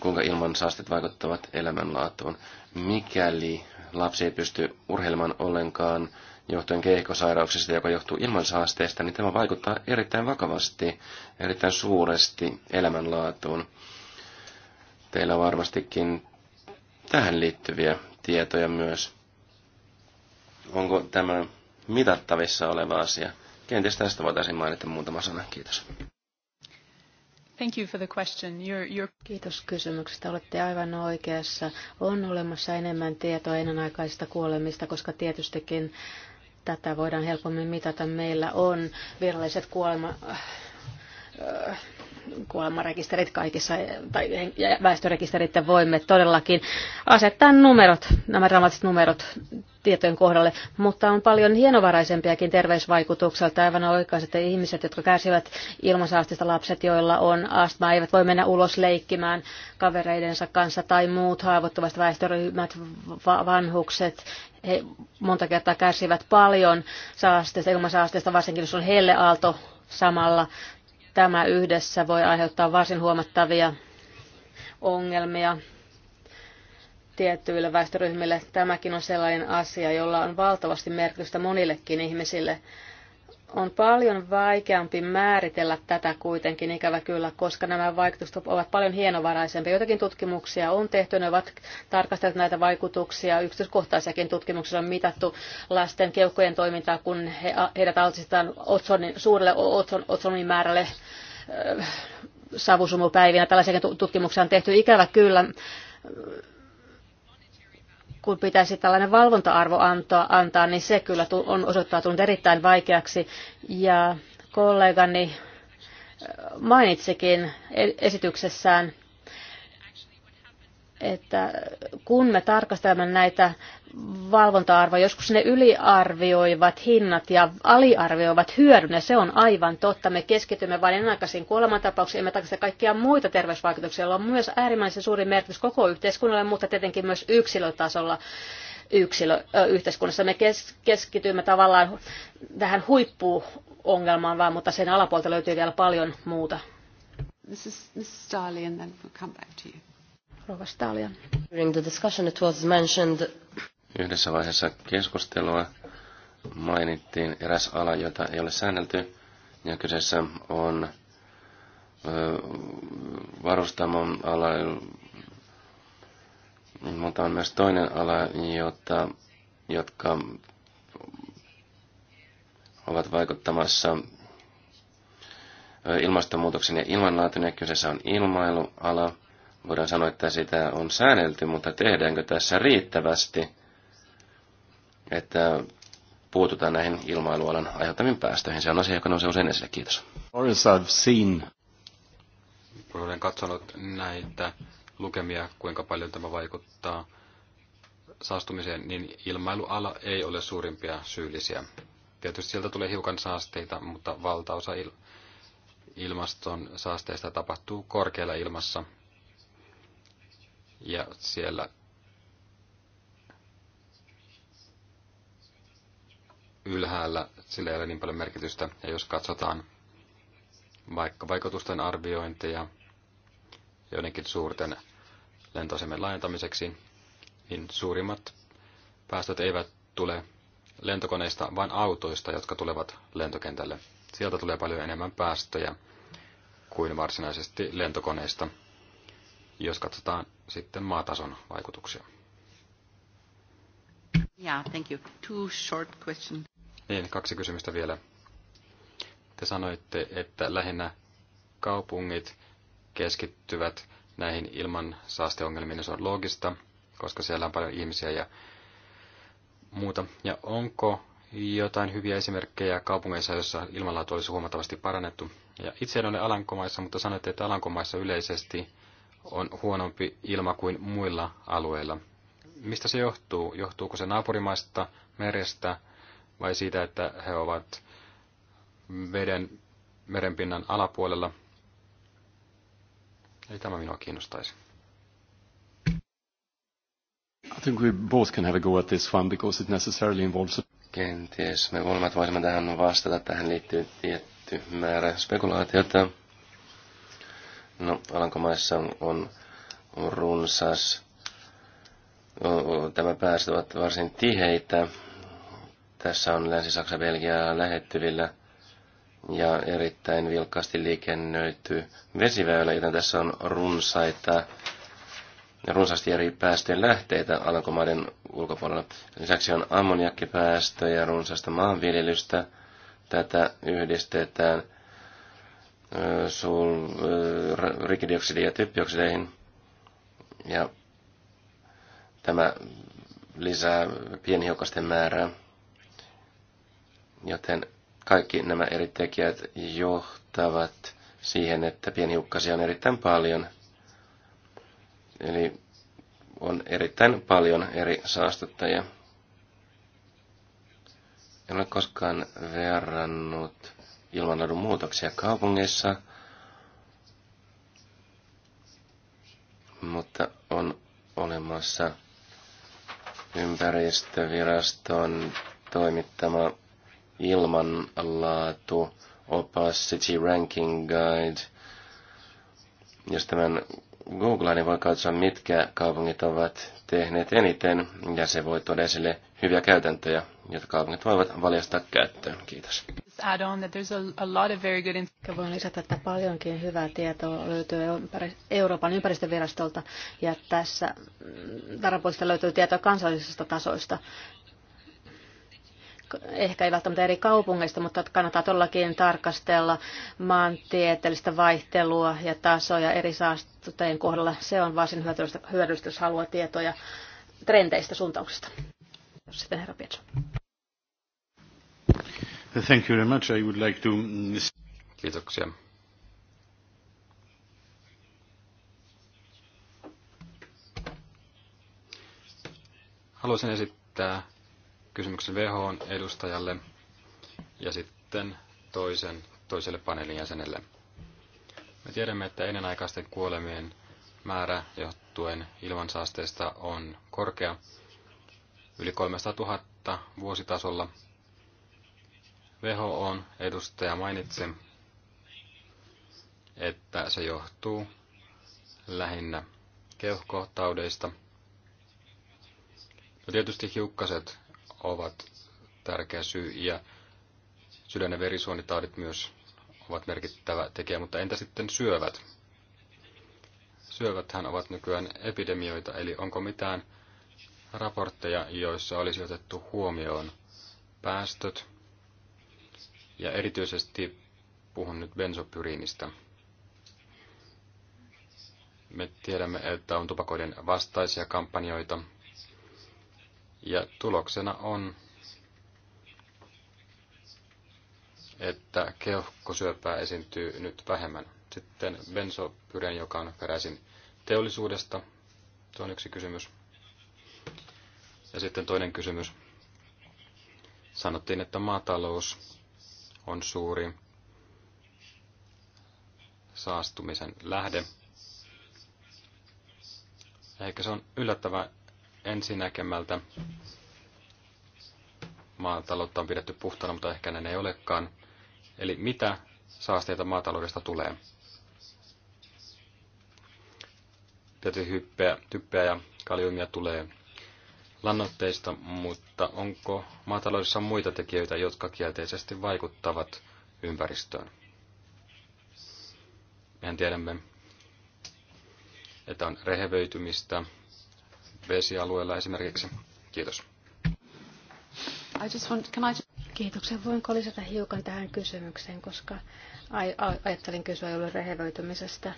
kuinka ilman saastet vaikuttavat elämänlaatuun. Mikäli lapsi ei pysty urheilemaan ollenkaan, johtuen keihkosairauksista, joka johtuu ilmansaasteesta, niin tämä vaikuttaa erittäin vakavasti, erittäin suuresti elämänlaatuun. Teillä on varmastikin tähän liittyviä tietoja myös. Onko tämä mitattavissa oleva asia? Kenties tästä voitaisiin mainita muutama sana. Kiitos. Thank you for the question. You're, you're... Kiitos kysymyksestä. Olette aivan oikeassa. On olemassa enemmän tietoa ennenaikaisista kuolemista, koska tietystikin Tätä voidaan helpommin mitata. Meillä on viralliset kuolema, äh, äh, kuolemarekisterit kaikissa tai väestörekisterit ja voimme todellakin asettaa numerot, nämä dramaattiset numerot tietojen kohdalle, mutta on paljon hienovaraisempiakin terveysvaikutukselta. Aivan oikeasti ihmiset, jotka kärsivät ilmansaastista lapset, joilla on astma, eivät voi mennä ulos leikkimään kavereidensa kanssa tai muut haavoittuvat väestöryhmät, vanhukset, he monta kertaa kärsivät paljon saasteista, ilmasaasteista, varsinkin jos on helleaalto samalla. Tämä yhdessä voi aiheuttaa varsin huomattavia ongelmia tiettyille väestöryhmille. Tämäkin on sellainen asia, jolla on valtavasti merkitystä monillekin ihmisille. On paljon vaikeampi määritellä tätä kuitenkin ikävä kyllä, koska nämä vaikutukset ovat paljon hienovaraisempia. Joitakin tutkimuksia on tehty, ne ovat tarkastelleet näitä vaikutuksia. Yksityiskohtaisiakin tutkimuksia on mitattu lasten keuhkojen toimintaa, kun he, heidät altistetaan otsonin, suurelle otson, otsonin määrälle savusumupäivinä. Tällaisia tutkimuksia on tehty ikävä kyllä kun pitäisi tällainen valvonta-arvo antaa, antaa niin se kyllä on osoittautunut erittäin vaikeaksi. Ja kollegani äh, mainitsikin e-, esityksessään että kun me tarkastelemme näitä valvonta-arvoja, joskus ne yliarvioivat hinnat ja aliarvioivat hyödyn, ja se on aivan totta. Me keskitymme vain ennenaikaisiin kuolemantapauksiin, emme tarkasta kaikkia muita terveysvaikutuksia, joilla on myös äärimmäisen suuri merkitys koko yhteiskunnalle, mutta tietenkin myös yksilötasolla yksilö, ö, yhteiskunnassa. Me kes, keskitymme tavallaan tähän huippuongelmaan vaan, mutta sen alapuolta löytyy vielä paljon muuta. Mrs. Mrs. Darley, and then we'll come back to you. Rova Stalia. During the discussion it was mentioned... Yhdessä vaiheessa keskustelua mainittiin eräs ala, jota ei ole säännelty, ja kyseessä on varustamon ala, mutta on myös toinen ala, jota, jotka ovat vaikuttamassa ilmastonmuutoksen ja ilmanlaatuinen. kyseessä on ilmailuala voidaan sanoa, että sitä on säännelty, mutta tehdäänkö tässä riittävästi, että puututaan näihin ilmailualan aiheuttamiin päästöihin. Se on asia, joka nousee usein esille. Kiitos. Olen katsonut näitä lukemia, kuinka paljon tämä vaikuttaa saastumiseen, niin ilmailuala ei ole suurimpia syyllisiä. Tietysti sieltä tulee hiukan saasteita, mutta valtaosa il- ilmaston saasteista tapahtuu korkealla ilmassa, ja siellä ylhäällä sillä ei ole niin paljon merkitystä. Ja jos katsotaan vaikka vaikutusten arviointeja joidenkin suurten lentoasemien laajentamiseksi, niin suurimmat päästöt eivät tule lentokoneista, vaan autoista, jotka tulevat lentokentälle. Sieltä tulee paljon enemmän päästöjä kuin varsinaisesti lentokoneista jos katsotaan sitten maatason vaikutuksia. Yeah, thank you. Two short Niin, kaksi kysymystä vielä. Te sanoitte, että lähinnä kaupungit keskittyvät näihin ilman saasteongelmiin, se on loogista, koska siellä on paljon ihmisiä ja muuta. Ja onko jotain hyviä esimerkkejä kaupungeissa, joissa ilmanlaatu olisi huomattavasti parannettu? Ja itse en ole Alankomaissa, mutta sanoitte, että Alankomaissa yleisesti on huonompi ilma kuin muilla alueilla. Mistä se johtuu? Johtuuko se naapurimaista, merestä vai siitä, että he ovat veden, merenpinnan alapuolella? Ei tämä minua kiinnostaisi. I think we both can have a go at this one because it necessarily involves a... Kenties me molemmat voisimme tähän vastata. Tähän liittyy tietty määrä spekulaatiota. No, Alankomaissa on runsas. Tämä päästöt ovat varsin tiheitä. Tässä on Länsi-Saksa Belgiaa lähettyvillä ja erittäin vilkkaasti liikennöity vesiväylä, joten tässä on runsaita, runsaasti eri päästöjen lähteitä Alankomaiden ulkopuolella. Lisäksi on ammoniakkipäästöjä runsaasta maanviljelystä. Tätä yhdistetään – sul, rikidioksidi ja typpioksideihin. Ja tämä lisää pienhiukkasten määrää. Joten kaikki nämä eri tekijät johtavat siihen, että pienhiukkasia on erittäin paljon. Eli on erittäin paljon eri saastuttajia. En ole koskaan verrannut ilmanlaadun muutoksia kaupungeissa, mutta on olemassa ympäristöviraston toimittama ilmanlaatu, opas, city ranking guide. Jos tämän googlaan, niin voi katsoa, mitkä kaupungit ovat tehneet eniten, ja se voi tuoda esille hyviä käytäntöjä jota kaupungit voivat valjastaa käyttöön. Kiitos. Voin lisätä, että paljonkin hyvää tietoa löytyy Euroopan ympäristövirastolta ja tässä tarapuolista mm, löytyy tietoa kansallisista tasoista. Ehkä ei välttämättä eri kaupungeista, mutta kannattaa todellakin tarkastella maantieteellistä vaihtelua ja tasoja eri saastuttajien kohdalla. Se on varsin hyödyllistä, jos haluaa tietoja trendeistä suuntauksista. Sitten herra Pietso. Thank you very much. I would like to... Mm, Kiitoksia. Haluaisin esittää kysymyksen WHOn edustajalle ja sitten toisen, toiselle paneelin jäsenelle. Me tiedämme, että ennenaikaisten kuolemien määrä johtuen ilmansaasteesta on korkea, yli 300 000 vuositasolla. WHOn edustaja mainitsi, että se johtuu lähinnä keuhkotaudeista. No tietysti hiukkaset ovat tärkeä syy ja sydän- ja verisuonitaudit myös ovat merkittävä tekijä, mutta entä sitten syövät? Syöväthän ovat nykyään epidemioita, eli onko mitään raportteja, joissa olisi otettu huomioon päästöt, ja erityisesti puhun nyt bensopyriinistä. Me tiedämme, että on tupakoiden vastaisia kampanjoita, ja tuloksena on, että keuhkosyöpää esiintyy nyt vähemmän. Sitten bensopyreen, joka on peräisin teollisuudesta, se on yksi kysymys. Ja sitten toinen kysymys. Sanottiin, että maatalous on suuri saastumisen lähde. Ehkä se on yllättävä ensinäkemältä. Maataloutta on pidetty puhtana, mutta ehkä näin ei olekaan. Eli mitä saasteita maataloudesta tulee? Tietysti hyppeä, typpeä ja kaliumia tulee lannoitteista, mutta onko maataloudessa muita tekijöitä, jotka kielteisesti vaikuttavat ympäristöön? Mehän tiedämme, että on rehevöitymistä vesialueella esimerkiksi. Kiitos. I just want, can I... Kiitoksia. Voinko lisätä hiukan tähän kysymykseen, koska ajattelin kysyä jollain rehevöitymisestä.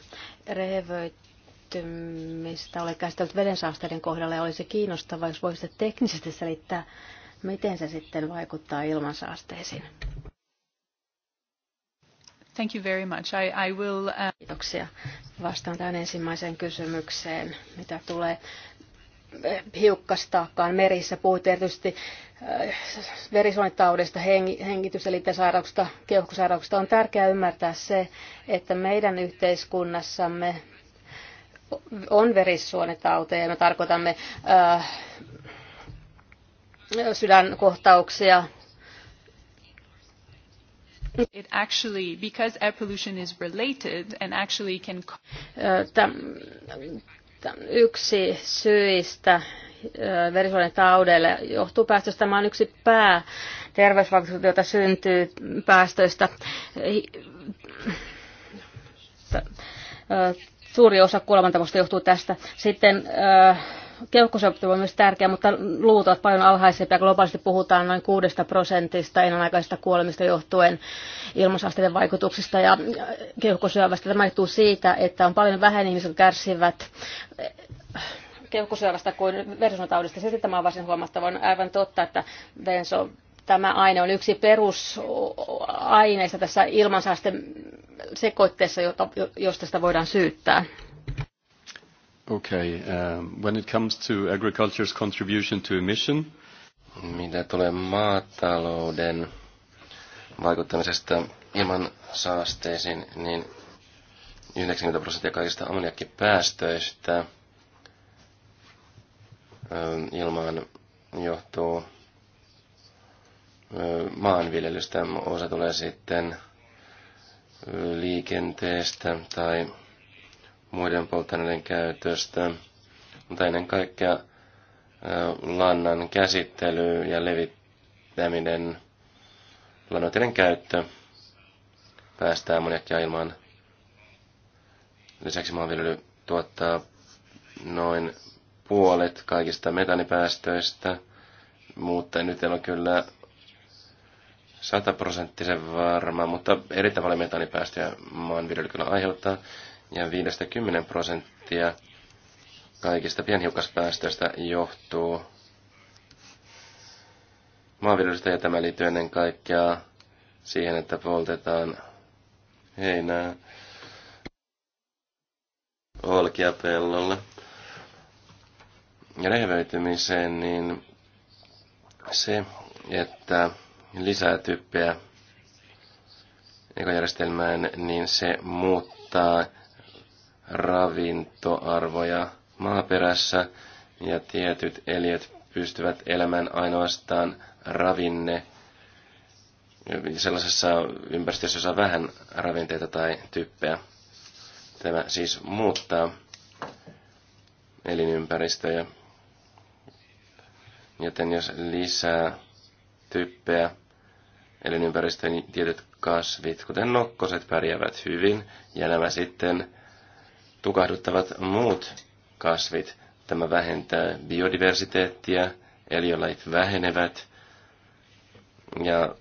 Rehevöitymisestä lähestymistä ole käsitellyt vedensaasteiden kohdalla ja olisi kiinnostavaa, jos voisitte teknisesti selittää, miten se sitten vaikuttaa ilmansaasteisiin. Thank you very much. I, I will, uh... Kiitoksia. Vastaan tähän ensimmäiseen kysymykseen, mitä tulee eh, hiukkastaakaan merissä. Puhuit erityisesti eh, verisuonitaudista, hengityselintäsairauksista, keuhkosairauksista. On tärkeää ymmärtää se, että meidän yhteiskunnassamme on verissuonitauteja. ja me tarkoitamme äh, sydänkohtauksia. It actually, because air pollution is related and actually can... Äh, yksi syistä äh, verisuonitaudelle johtuu päästöstä. Tämä on yksi pää terveysvaikutus, jota syntyy päästöistä äh, Suuri osa kuolemantapauksista johtuu tästä. Sitten äh, keuhkosyöpätyö on myös tärkeä, mutta luvut ovat paljon alhaisempia. Globaalisti puhutaan noin 6 prosentista ennenaikaisista kuolemista johtuen ilmansaasteiden vaikutuksista ja keuhkosyövästä. Tämä johtuu siitä, että on paljon vähän ihmisiä, jotka kärsivät äh, keuhkosyövästä kuin verisuonitaudista. Silti tämä on varsin huomattava. On aivan totta, että venso tämä aine on yksi perusaineista tässä ilmansaasteen sekoitteessa, jota, josta sitä voidaan syyttää. Okay, um, when it comes to agriculture's contribution to emission, mitä tulee maatalouden vaikuttamisesta ilman saasteisiin, niin 90 prosenttia kaikista ammoniakkipäästöistä ähm, ilmaan johtuu äh, maanviljelystä. Osa tulee sitten liikenteestä tai muiden polttoaineiden käytöstä, mutta ennen kaikkea lannan käsittely ja levittäminen, lannoitteiden käyttö päästää ja ilman. Lisäksi maanviljely tuottaa noin puolet kaikista metanipäästöistä, mutta nyt en ole kyllä sataprosenttisen varma, mutta eri tavalla metaanipäästöjä maanviljelykyllä aiheuttaa. Ja 50 prosenttia kaikista pienhiukkaspäästöistä johtuu maanviljelystä ja tämä liittyy ennen kaikkea siihen, että poltetaan heinää olkia pellolla. Ja rehevöitymiseen, niin se, että lisää tyyppejä ekojärjestelmään, niin se muuttaa ravintoarvoja maaperässä ja tietyt eliöt pystyvät elämään ainoastaan ravinne sellaisessa ympäristössä, jossa on vähän ravinteita tai typpeä. Tämä siis muuttaa elinympäristöjä. Joten jos lisää typpeä elinympäristön niin tietyt kasvit, kuten nokkoset, pärjäävät hyvin, ja nämä sitten tukahduttavat muut kasvit. Tämä vähentää biodiversiteettiä, eliölajit vähenevät, ja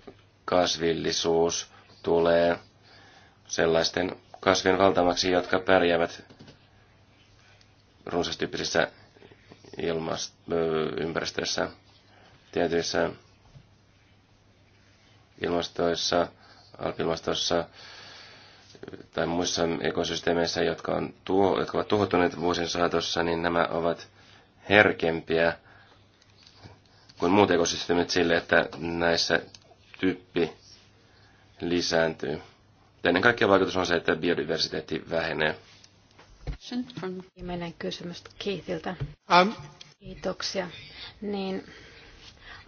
kasvillisuus tulee sellaisten kasvien valtamaksi, jotka pärjäävät runsastyyppisissä ilmast- ympäristöissä tietyissä ilmastoissa, alkilmastoissa tai muissa ekosysteemeissä, jotka, on tuho, jotka ovat tuhoutuneet vuosien saatossa, niin nämä ovat herkempiä kuin muut ekosysteemit sille, että näissä typpi lisääntyy. Ennen kaikkea vaikutus on se, että biodiversiteetti vähenee. Viimeinen kysymys Keithiltä. Um. Kiitoksia. Niin,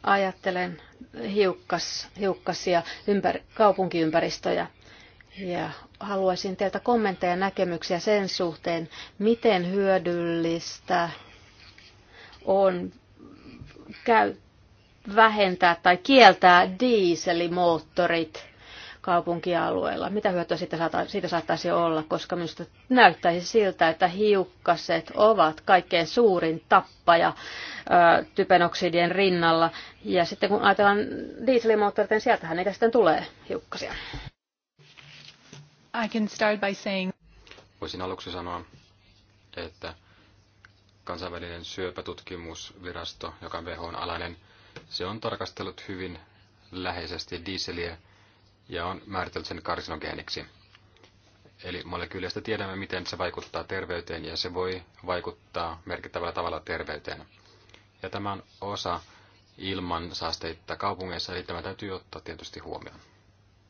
ajattelen hiukkas, hiukkasia ympär, kaupunkiympäristöjä ja haluaisin teiltä kommentteja ja näkemyksiä sen suhteen, miten hyödyllistä on käy, vähentää tai kieltää dieselimoottorit – kaupunkialueilla. Mitä hyötyä siitä, siitä saattaisi olla, koska minusta näyttäisi siltä, että hiukkaset ovat kaikkein suurin tappaja ö, typenoksidien rinnalla. Ja sitten kun ajatellaan dieselmoottoreita, niin sieltähän niitä sitten tulee hiukkasia. I can start by saying... Voisin aluksi sanoa, että kansainvälinen syöpätutkimusvirasto, joka on WHOn alainen, se on tarkastellut hyvin läheisesti dieseliä ja on määritelty sen karsinogeeniksi. Eli molekyyleistä tiedämme, miten se vaikuttaa terveyteen ja se voi vaikuttaa merkittävällä tavalla terveyteen. Ja tämä on osa ilman saasteita kaupungeissa, eli tämä täytyy ottaa tietysti huomioon.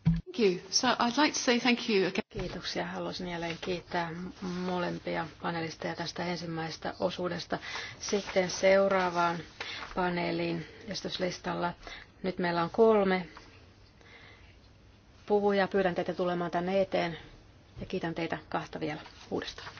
Thank you. So I'd like to say thank you again. Kiitoksia. Haluaisin jälleen kiittää molempia panelisteja tästä ensimmäisestä osuudesta. Sitten seuraavaan paneeliin esityslistalla. Nyt meillä on kolme puhuja. Pyydän teitä tulemaan tänne eteen ja kiitän teitä kahta vielä uudestaan.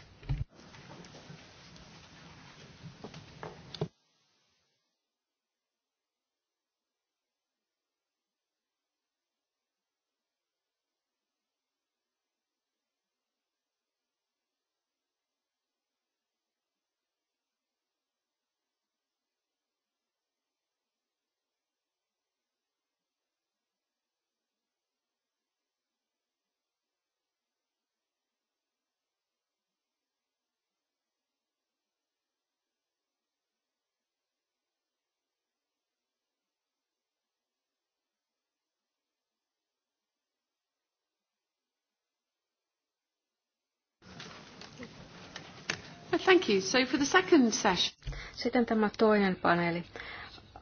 Thank you. So for the second session. Sitten tämä toinen paneeli,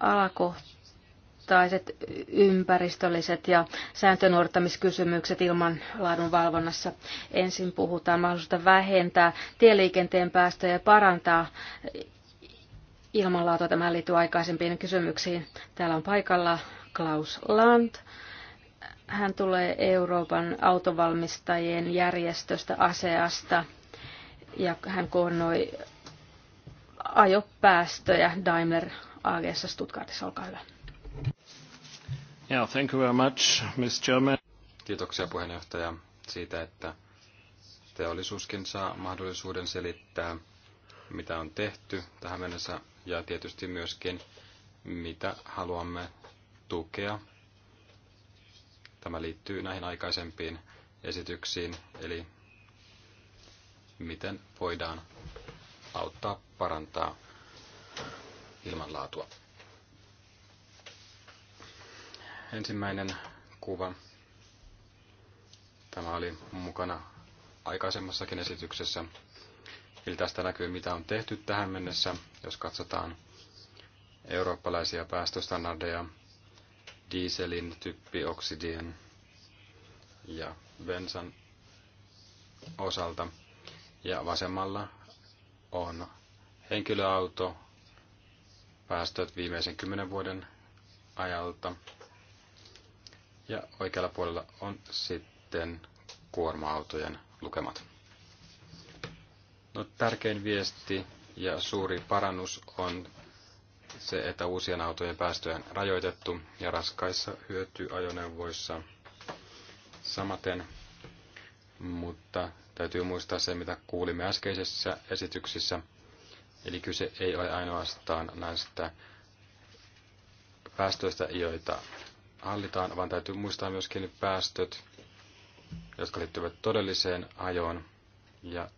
alakohtaiset ympäristölliset ja sääntönuorittamiskysymykset ilman laadun valvonnassa. Ensin puhutaan mahdollisuutta vähentää tieliikenteen päästöjä ja parantaa ilmanlaatua. Tämä liittyy aikaisempiin kysymyksiin. Täällä on paikalla Klaus Land. Hän tulee Euroopan autovalmistajien järjestöstä ASEAsta – ja hän koonnoi ajopäästöjä Daimler AG Stuttgartissa. Olkaa hyvä. Yeah, thank you very much, Ms. Chairman. Kiitoksia puheenjohtaja siitä, että teollisuuskin saa mahdollisuuden selittää, mitä on tehty tähän mennessä ja tietysti myöskin, mitä haluamme tukea. Tämä liittyy näihin aikaisempiin esityksiin, eli miten voidaan auttaa parantaa ilmanlaatua. Ensimmäinen kuva. Tämä oli mukana aikaisemmassakin esityksessä. Eli tästä näkyy, mitä on tehty tähän mennessä, jos katsotaan eurooppalaisia päästöstandardeja, dieselin, typpioksidien ja bensan osalta – ja vasemmalla on henkilöauto, päästöt viimeisen kymmenen vuoden ajalta. Ja oikealla puolella on sitten kuorma-autojen lukemat. No, tärkein viesti ja suuri parannus on se, että uusien autojen päästöjen rajoitettu ja raskaissa hyötyajoneuvoissa samaten, mutta Täytyy muistaa se, mitä kuulimme äskeisessä esityksissä. Eli kyse ei ole ainoastaan näistä päästöistä, joita hallitaan, vaan täytyy muistaa myöskin päästöt, jotka liittyvät todelliseen ajoon. Ja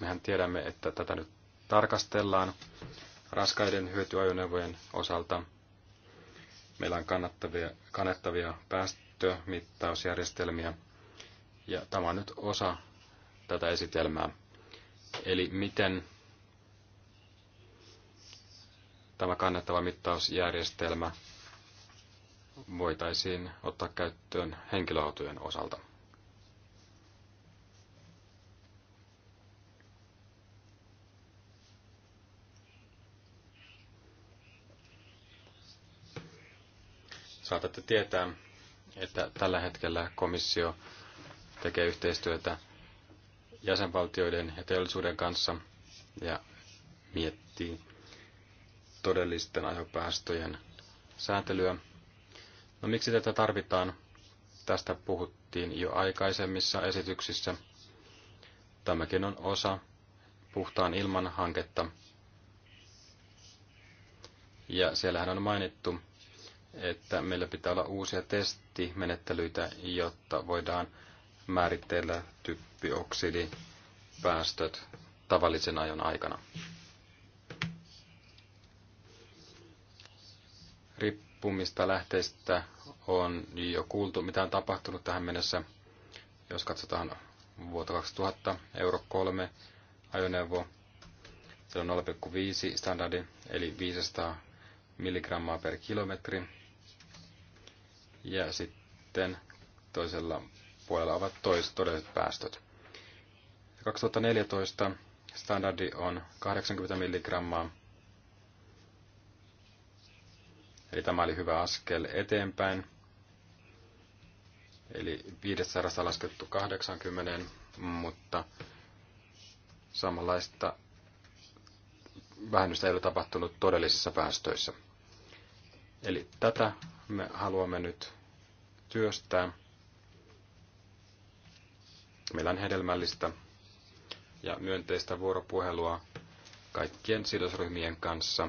mehän tiedämme, että tätä nyt tarkastellaan raskaiden hyötyajoneuvojen osalta. Meillä on kannattavia, kannattavia päästömittausjärjestelmiä, ja tämä on nyt osa tätä esitelmää. Eli miten tämä kannettava mittausjärjestelmä voitaisiin ottaa käyttöön henkilöautojen osalta. Saatatte tietää, että tällä hetkellä komissio tekee yhteistyötä jäsenvaltioiden ja teollisuuden kanssa ja miettii todellisten ajopäästöjen sääntelyä. No miksi tätä tarvitaan? Tästä puhuttiin jo aikaisemmissa esityksissä. Tämäkin on osa puhtaan ilman hanketta. Ja siellähän on mainittu, että meillä pitää olla uusia testimenettelyitä, jotta voidaan määritteellä typpioksidipäästöt tavallisen ajon aikana. Riippumista lähteistä on jo kuultu, mitä on tapahtunut tähän mennessä. Jos katsotaan vuotta 2000, euro 3 ajoneuvo, se on 0,5 standardi, eli 500 milligrammaa per kilometri. Ja sitten toisella puolella ovat toiset todelliset päästöt. 2014 standardi on 80 milligrammaa. Eli tämä oli hyvä askel eteenpäin. Eli 500 laskettu 80, mutta samanlaista vähennystä ei ole tapahtunut todellisissa päästöissä. Eli tätä me haluamme nyt työstää. Meillä on hedelmällistä ja myönteistä vuoropuhelua kaikkien sidosryhmien kanssa,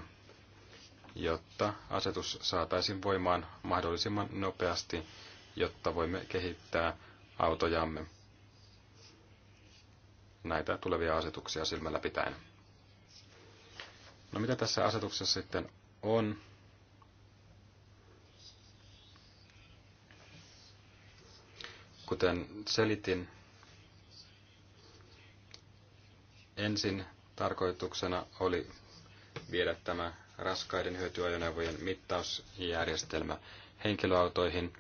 jotta asetus saataisiin voimaan mahdollisimman nopeasti, jotta voimme kehittää autojamme näitä tulevia asetuksia silmällä pitäen. No mitä tässä asetuksessa sitten on? Kuten selitin, Ensin tarkoituksena oli viedä tämä raskaiden hyötyajoneuvojen mittausjärjestelmä henkilöautoihin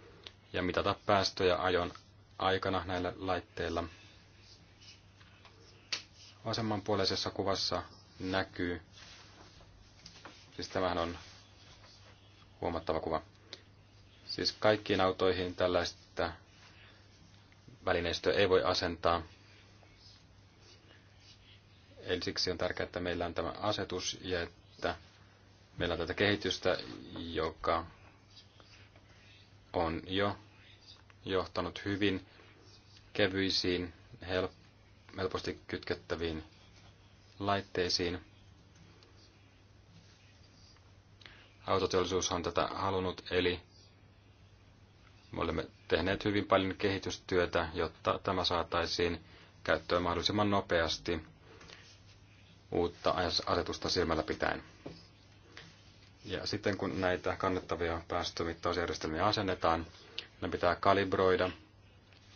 ja mitata päästöjä ajon aikana näillä laitteilla. Vasemmanpuoleisessa kuvassa näkyy, siis tämähän on huomattava kuva, siis kaikkiin autoihin tällaista välineistöä ei voi asentaa – Eli siksi on tärkeää, että meillä on tämä asetus ja että meillä on tätä kehitystä, joka on jo johtanut hyvin kevyisiin, helposti kytkettäviin laitteisiin. Autoteollisuus on tätä halunnut, eli me olemme tehneet hyvin paljon kehitystyötä, jotta tämä saataisiin käyttöön mahdollisimman nopeasti uutta asetusta silmällä pitäen. Ja sitten kun näitä kannettavia päästömittausjärjestelmiä asennetaan, ne pitää kalibroida,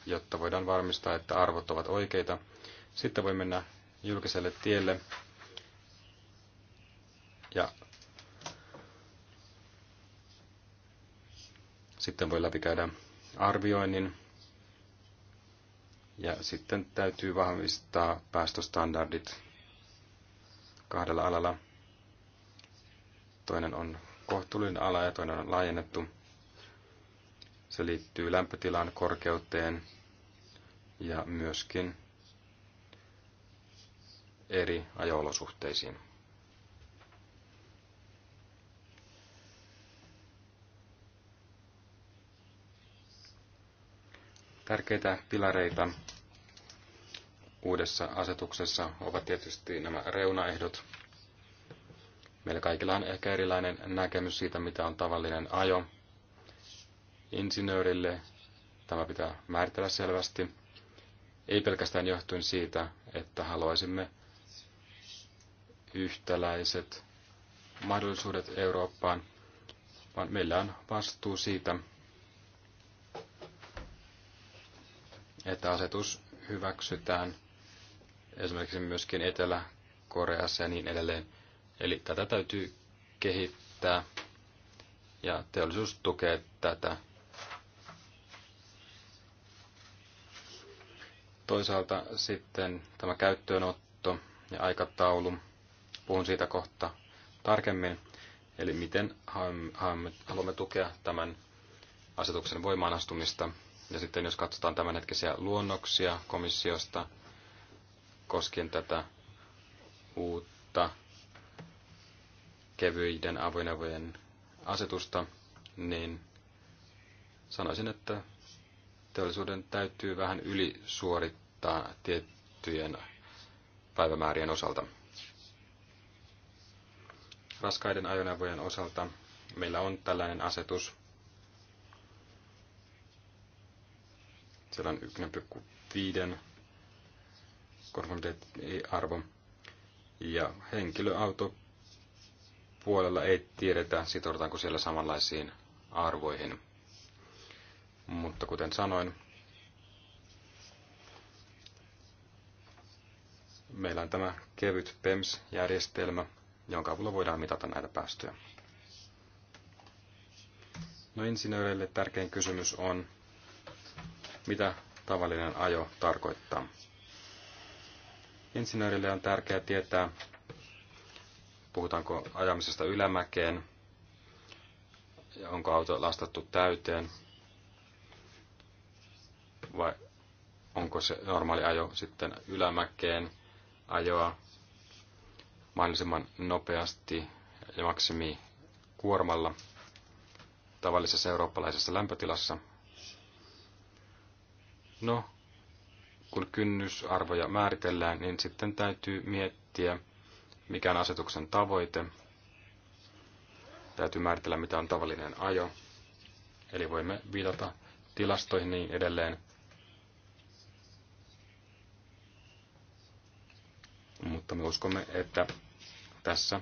jotta voidaan varmistaa, että arvot ovat oikeita. Sitten voi mennä julkiselle tielle ja sitten voi läpikäydä arvioinnin ja sitten täytyy vahvistaa päästöstandardit kahdella alalla. Toinen on kohtuullinen ala ja toinen on laajennettu. Se liittyy lämpötilan korkeuteen ja myöskin eri ajoolosuhteisiin. Tärkeitä pilareita uudessa asetuksessa ovat tietysti nämä reunaehdot. Meillä kaikilla on ehkä erilainen näkemys siitä, mitä on tavallinen ajo. Insinöörille tämä pitää määritellä selvästi. Ei pelkästään johtuen siitä, että haluaisimme yhtäläiset mahdollisuudet Eurooppaan, vaan meillä on vastuu siitä, että asetus hyväksytään – esimerkiksi myöskin Etelä-Koreassa ja niin edelleen. Eli tätä täytyy kehittää ja teollisuus tukee tätä. Toisaalta sitten tämä käyttöönotto ja aikataulu. Puhun siitä kohta tarkemmin. Eli miten haluamme tukea tämän asetuksen voimaanastumista. Ja sitten jos katsotaan tämänhetkisiä luonnoksia komissiosta, koskien tätä uutta kevyiden avoinavojen asetusta, niin sanoisin, että teollisuuden täytyy vähän ylisuorittaa tiettyjen päivämäärien osalta. Raskaiden ajoneuvojen osalta meillä on tällainen asetus. Siellä on konformiteettiarvo. Ja henkilöauto puolella ei tiedetä, sitoudutaanko siellä samanlaisiin arvoihin. Mutta kuten sanoin, meillä on tämä kevyt PEMS-järjestelmä, jonka avulla voidaan mitata näitä päästöjä. No insinööreille tärkein kysymys on, mitä tavallinen ajo tarkoittaa. Insinöörille on tärkeää tietää, puhutaanko ajamisesta ylämäkeen, onko auto lastattu täyteen vai onko se normaali ajo sitten ylämäkeen ajoa mahdollisimman nopeasti ja maksimi kuormalla tavallisessa eurooppalaisessa lämpötilassa. No, kun kynnysarvoja määritellään, niin sitten täytyy miettiä, mikä on asetuksen tavoite. Täytyy määritellä, mitä on tavallinen ajo. Eli voimme viitata tilastoihin niin edelleen. Mutta me uskomme, että tässä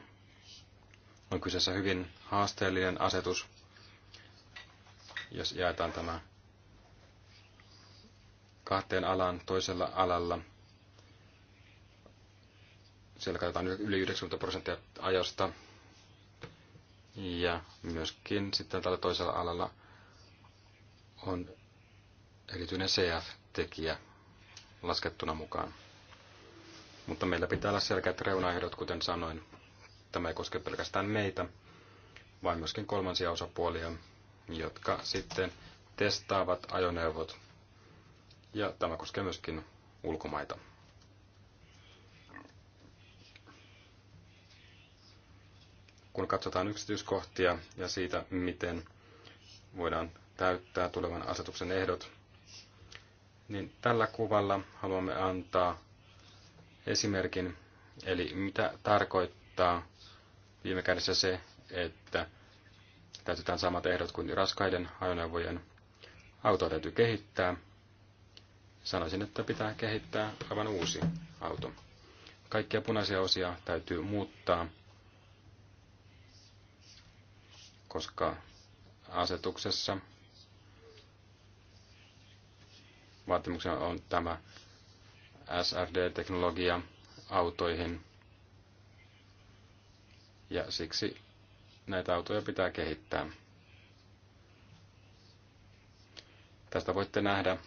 on kyseessä hyvin haasteellinen asetus, jos jaetaan tämä kahteen alaan toisella alalla. Siellä katsotaan yli 90 prosenttia ajosta. Ja myöskin sitten tällä toisella alalla on erityinen CF-tekijä laskettuna mukaan. Mutta meillä pitää olla selkeät reunaehdot, kuten sanoin. Tämä ei koske pelkästään meitä, vaan myöskin kolmansia osapuolia, jotka sitten testaavat ajoneuvot ja tämä koskee myöskin ulkomaita. Kun katsotaan yksityiskohtia ja siitä, miten voidaan täyttää tulevan asetuksen ehdot, niin tällä kuvalla haluamme antaa esimerkin, eli mitä tarkoittaa viime kädessä se, että täytetään samat ehdot kuin raskaiden ajoneuvojen. Autoa täytyy kehittää, Sanoisin, että pitää kehittää aivan uusi auto. Kaikkia punaisia osia täytyy muuttaa, koska asetuksessa vaatimuksena on tämä srd teknologia autoihin. Ja siksi näitä autoja pitää kehittää. Tästä voitte nähdä,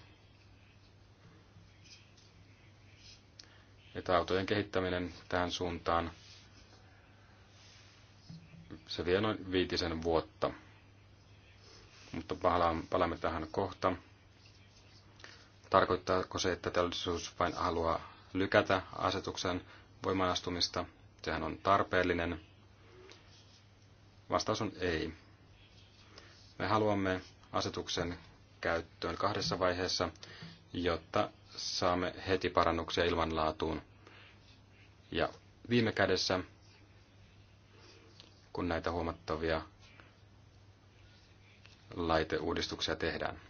että autojen kehittäminen tähän suuntaan, se vie noin viitisen vuotta. Mutta palaamme tähän kohta. Tarkoittaako se, että teollisuus vain haluaa lykätä asetuksen voimaanastumista? Sehän on tarpeellinen. Vastaus on ei. Me haluamme asetuksen käyttöön kahdessa vaiheessa, jotta saamme heti parannuksia ilmanlaatuun. Ja viime kädessä, kun näitä huomattavia laiteuudistuksia tehdään.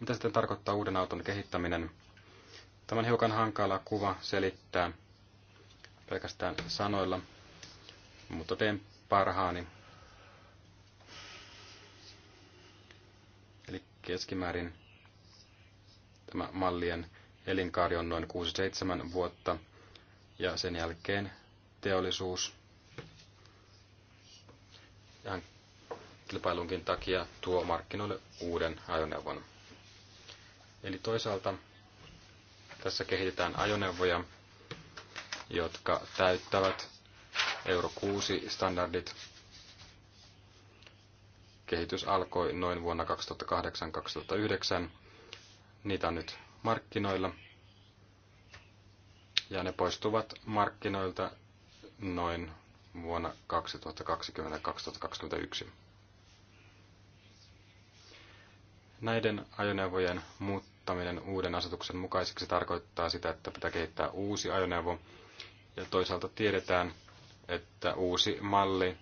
Mitä sitten tarkoittaa uuden auton kehittäminen? Tämä on hiukan hankala kuva selittää pelkästään sanoilla, mutta teen parhaani. Eli keskimäärin tämä mallien elinkaari on noin 6-7 vuotta ja sen jälkeen teollisuus ihan kilpailunkin takia tuo markkinoille uuden ajoneuvon. Eli toisaalta tässä kehitetään ajoneuvoja, jotka täyttävät Euro 6-standardit. Kehitys alkoi noin vuonna 2008-2009. Niitä on nyt markkinoilla. Ja ne poistuvat markkinoilta noin vuonna 2020-2021. Näiden ajoneuvojen muuttaminen uuden asetuksen mukaiseksi tarkoittaa sitä, että pitää kehittää uusi ajoneuvo. Ja toisaalta tiedetään, että uusi malli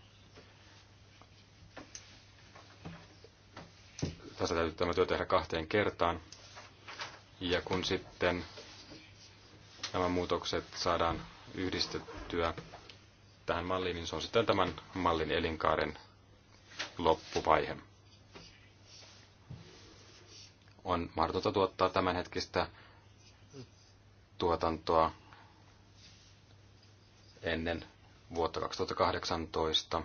tässä täytyy tämä työ tehdä kahteen kertaan. Ja kun sitten nämä muutokset saadaan yhdistettyä tähän malliin, niin se on sitten tämän mallin elinkaaren loppuvaihe. On mahdotonta tuottaa tämänhetkistä tuotantoa ennen vuotta 2018.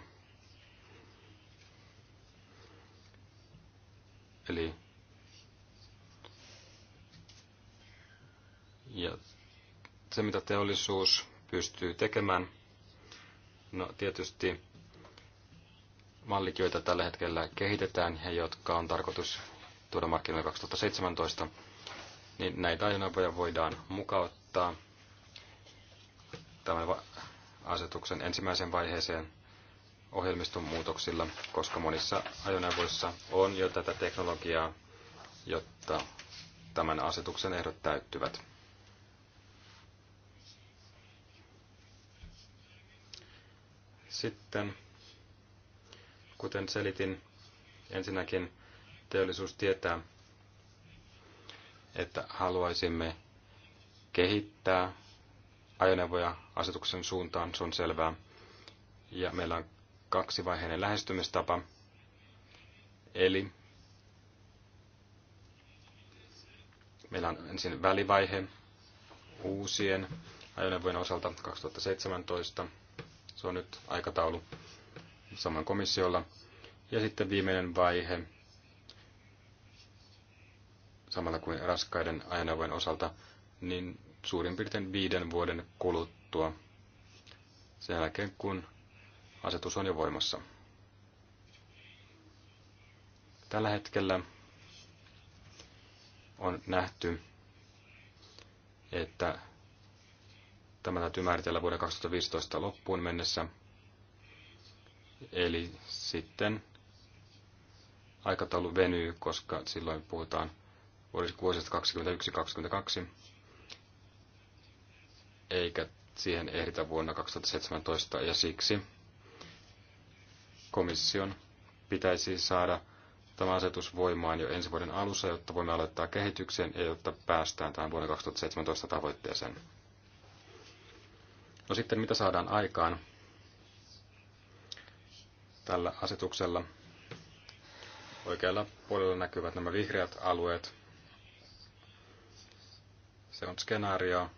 Eli Ja se, mitä teollisuus pystyy tekemään, no tietysti mallit, joita tällä hetkellä kehitetään ja jotka on tarkoitus tuoda markkinoille 2017, niin näitä ajoneuvoja voidaan mukauttaa tämän asetuksen ensimmäisen vaiheeseen ohjelmiston muutoksilla, koska monissa ajoneuvoissa on jo tätä teknologiaa, jotta tämän asetuksen ehdot täyttyvät. Sitten, kuten selitin, ensinnäkin teollisuus tietää, että haluaisimme kehittää ajoneuvoja asetuksen suuntaan, se on selvää. Ja meillä on kaksivaiheinen lähestymistapa. Eli meillä on ensin välivaihe uusien ajoneuvojen osalta 2017 se on nyt aikataulu saman komissiolla. Ja sitten viimeinen vaihe, samalla kuin raskaiden ajoneuvojen osalta, niin suurin piirtein viiden vuoden kuluttua sen jälkeen, kun asetus on jo voimassa. Tällä hetkellä on nähty, että Tämä täytyy määritellä vuoden 2015 loppuun mennessä. Eli sitten aikataulu venyy, koska silloin puhutaan vuosista 2021-2022, eikä siihen ehditä vuonna 2017, ja siksi komission pitäisi saada tämä asetus voimaan jo ensi vuoden alussa, jotta voimme aloittaa kehityksen ja jotta päästään tähän vuoden 2017 tavoitteeseen. No sitten mitä saadaan aikaan tällä asetuksella? Oikealla puolella näkyvät nämä vihreät alueet. Se on skenaario,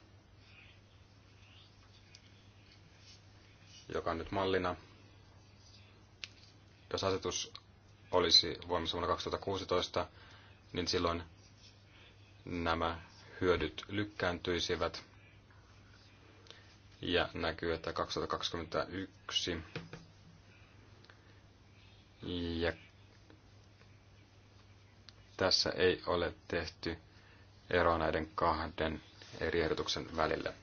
joka on nyt mallina. Jos asetus olisi voimassa vuonna 2016, niin silloin nämä hyödyt lykkääntyisivät – ja näkyy, että 2021 ja tässä ei ole tehty eroa näiden kahden eri ehdotuksen välillä.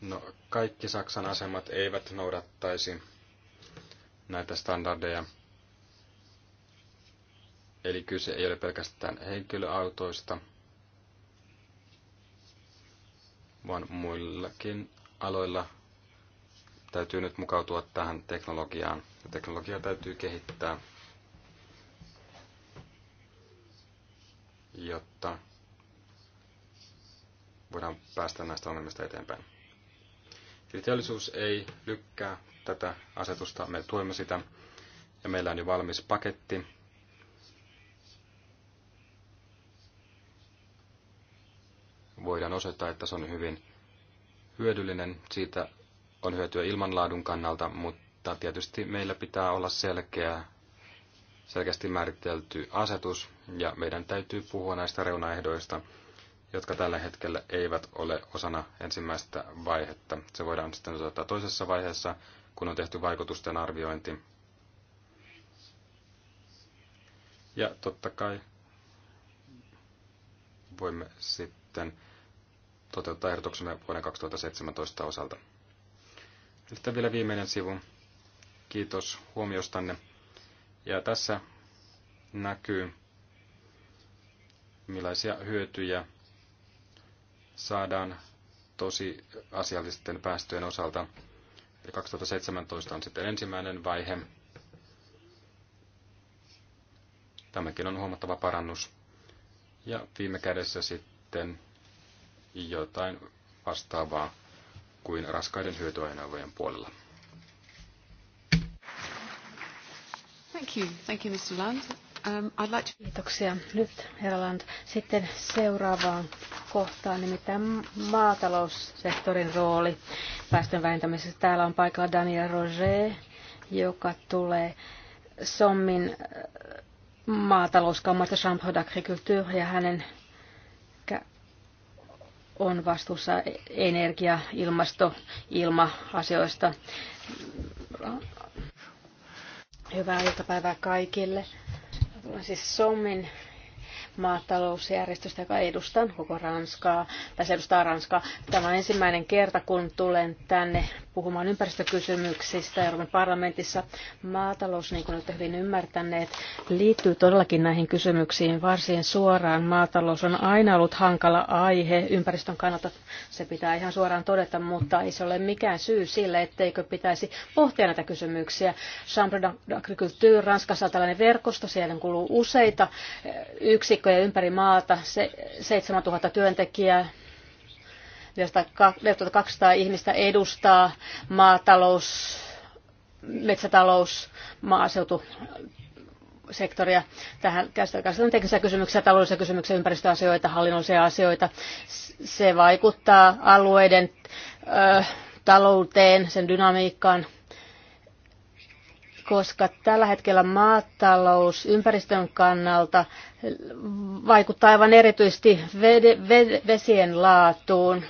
No, kaikki Saksan asemat eivät noudattaisi näitä standardeja. Eli kyse ei ole pelkästään henkilöautoista – vaan muillakin aloilla täytyy nyt mukautua tähän teknologiaan. Ja teknologiaa täytyy kehittää, jotta voidaan päästä näistä ongelmista eteenpäin. Eli teollisuus ei lykkää tätä asetusta, me tuemme sitä ja meillä on jo valmis paketti, voidaan osoittaa, että se on hyvin hyödyllinen. Siitä on hyötyä ilmanlaadun kannalta, mutta tietysti meillä pitää olla selkeä, selkeästi määritelty asetus, ja meidän täytyy puhua näistä reunaehdoista, jotka tällä hetkellä eivät ole osana ensimmäistä vaihetta. Se voidaan sitten osoittaa toisessa vaiheessa, kun on tehty vaikutusten arviointi. Ja totta kai voimme sitten toteuttaa ehdotuksemme vuoden 2017 osalta. Sitten vielä viimeinen sivu. Kiitos huomiostanne. Ja tässä näkyy, millaisia hyötyjä saadaan tosi asiallisten päästöjen osalta. Eli 2017 on sitten ensimmäinen vaihe. Tämäkin on huomattava parannus. Ja viime kädessä sitten jotain vastaavaa kuin raskaiden hyötyaineuvojen puolella. Thank you. Thank you, Mr. Land. Um, I'd like to... Kiitoksia. Nyt, herra Land. Sitten seuraavaan kohtaan, nimittäin maataloussektorin rooli päästön vähentämisessä. Täällä on paikalla Daniel Roger, joka tulee Sommin äh, maatalouskammarista Chambre d'Agriculture ja hänen on vastuussa energia-, ilmasto-, ilma-asioista. Hyvää iltapäivää kaikille. Siis Sommin maatalousjärjestöstä, joka edustan koko Ranskaa, tai se edustaa Ranskaa. Tämä on ensimmäinen kerta, kun tulen tänne puhumaan ympäristökysymyksistä Euroopan parlamentissa. Maatalous, niin kuin olette hyvin ymmärtäneet, liittyy todellakin näihin kysymyksiin varsin suoraan. Maatalous on aina ollut hankala aihe ympäristön kannalta, se pitää ihan suoraan todeta, mutta ei se ole mikään syy sille, etteikö pitäisi pohtia näitä kysymyksiä. Chambre d'Agriculture, Ranskassa on tällainen verkosto, siellä kuuluu useita eh, yksi poliitikkoja ympäri maata, 7000 työntekijää, josta 200 ihmistä edustaa maatalous, metsätalous, maaseutu sektoria. Tähän käsitellään teknisiä kysymyksiä, taloudellisia kysymyksiä, ympäristöasioita, hallinnollisia asioita. Se vaikuttaa alueiden ö, talouteen, sen dynamiikkaan, koska tällä hetkellä maatalous ympäristön kannalta vaikuttaa aivan erityisesti vesien laatuun.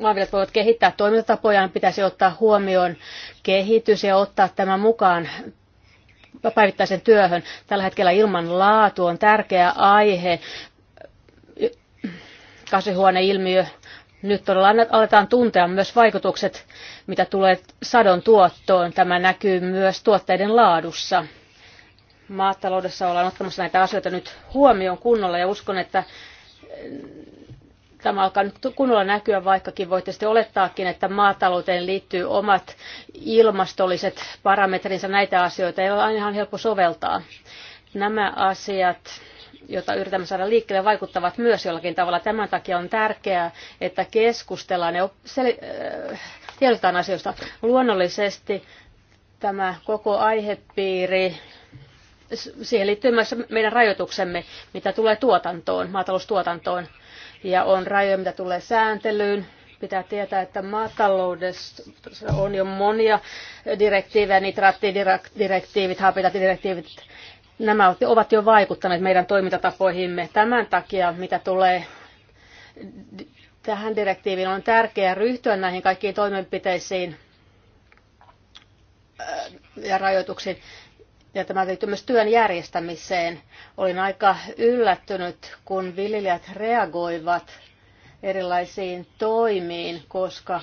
Maanviljat voivat kehittää toimintatapojaan, pitäisi ottaa huomioon kehitys ja ottaa tämä mukaan päivittäisen työhön. Tällä hetkellä ilman laatu on tärkeä aihe, kasvihuoneilmiö nyt todella aletaan tuntea myös vaikutukset, mitä tulee sadon tuottoon. Tämä näkyy myös tuotteiden laadussa. Maataloudessa ollaan ottamassa näitä asioita nyt huomioon kunnolla ja uskon, että eh, tämä alkaa nyt kunnolla näkyä, vaikkakin voitte sitten olettaakin, että maatalouteen liittyy omat ilmastolliset parametrinsa näitä asioita. Ei ole aina ihan helppo soveltaa. Nämä asiat jota yritämme saada liikkeelle, vaikuttavat myös jollakin tavalla. Tämän takia on tärkeää, että keskustellaan ja sel- äh, tiedotetaan asioista. Luonnollisesti tämä koko aihepiiri, siihen liittyy myös meidän rajoituksemme, mitä tulee tuotantoon, maataloustuotantoon. Ja on rajoja, mitä tulee sääntelyyn, pitää tietää, että maataloudessa on jo monia direktiivejä, nitraattidirektiivit, habitatidirektiivit, Nämä ovat jo vaikuttaneet meidän toimintatapoihimme. Tämän takia, mitä tulee tähän direktiiviin, on tärkeää ryhtyä näihin kaikkiin toimenpiteisiin äh, ja rajoituksiin. Ja tämä liittyy myös työn järjestämiseen. Olin aika yllättynyt, kun viljelijät reagoivat erilaisiin toimiin, koska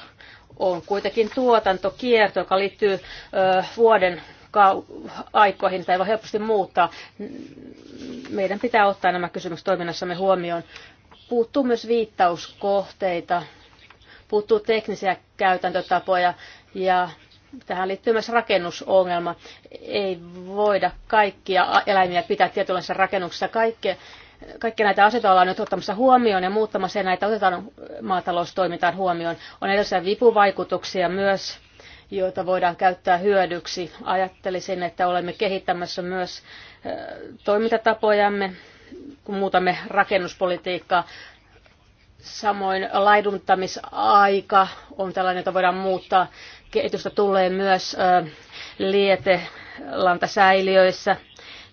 on kuitenkin tuotantokierto, joka liittyy ö, vuoden aikoihin, sitä ei voi helposti muuttaa. Meidän pitää ottaa nämä kysymykset toiminnassamme huomioon. Puuttuu myös viittauskohteita, puuttuu teknisiä käytäntötapoja ja tähän liittyy myös rakennusongelma. Ei voida kaikkia eläimiä pitää tietynlaisessa rakennuksessa. Kaikki, kaikki näitä asioita ollaan nyt ottamassa huomioon ja muuttamassa ja näitä otetaan maataloustoimintaan huomioon. On edellisiä vipuvaikutuksia myös joita voidaan käyttää hyödyksi. Ajattelisin, että olemme kehittämässä myös toimintatapojamme, kun muutamme rakennuspolitiikkaa. Samoin laiduntamisaika on tällainen, jota voidaan muuttaa. Kehitystä tulee myös lietelantasäiliöissä.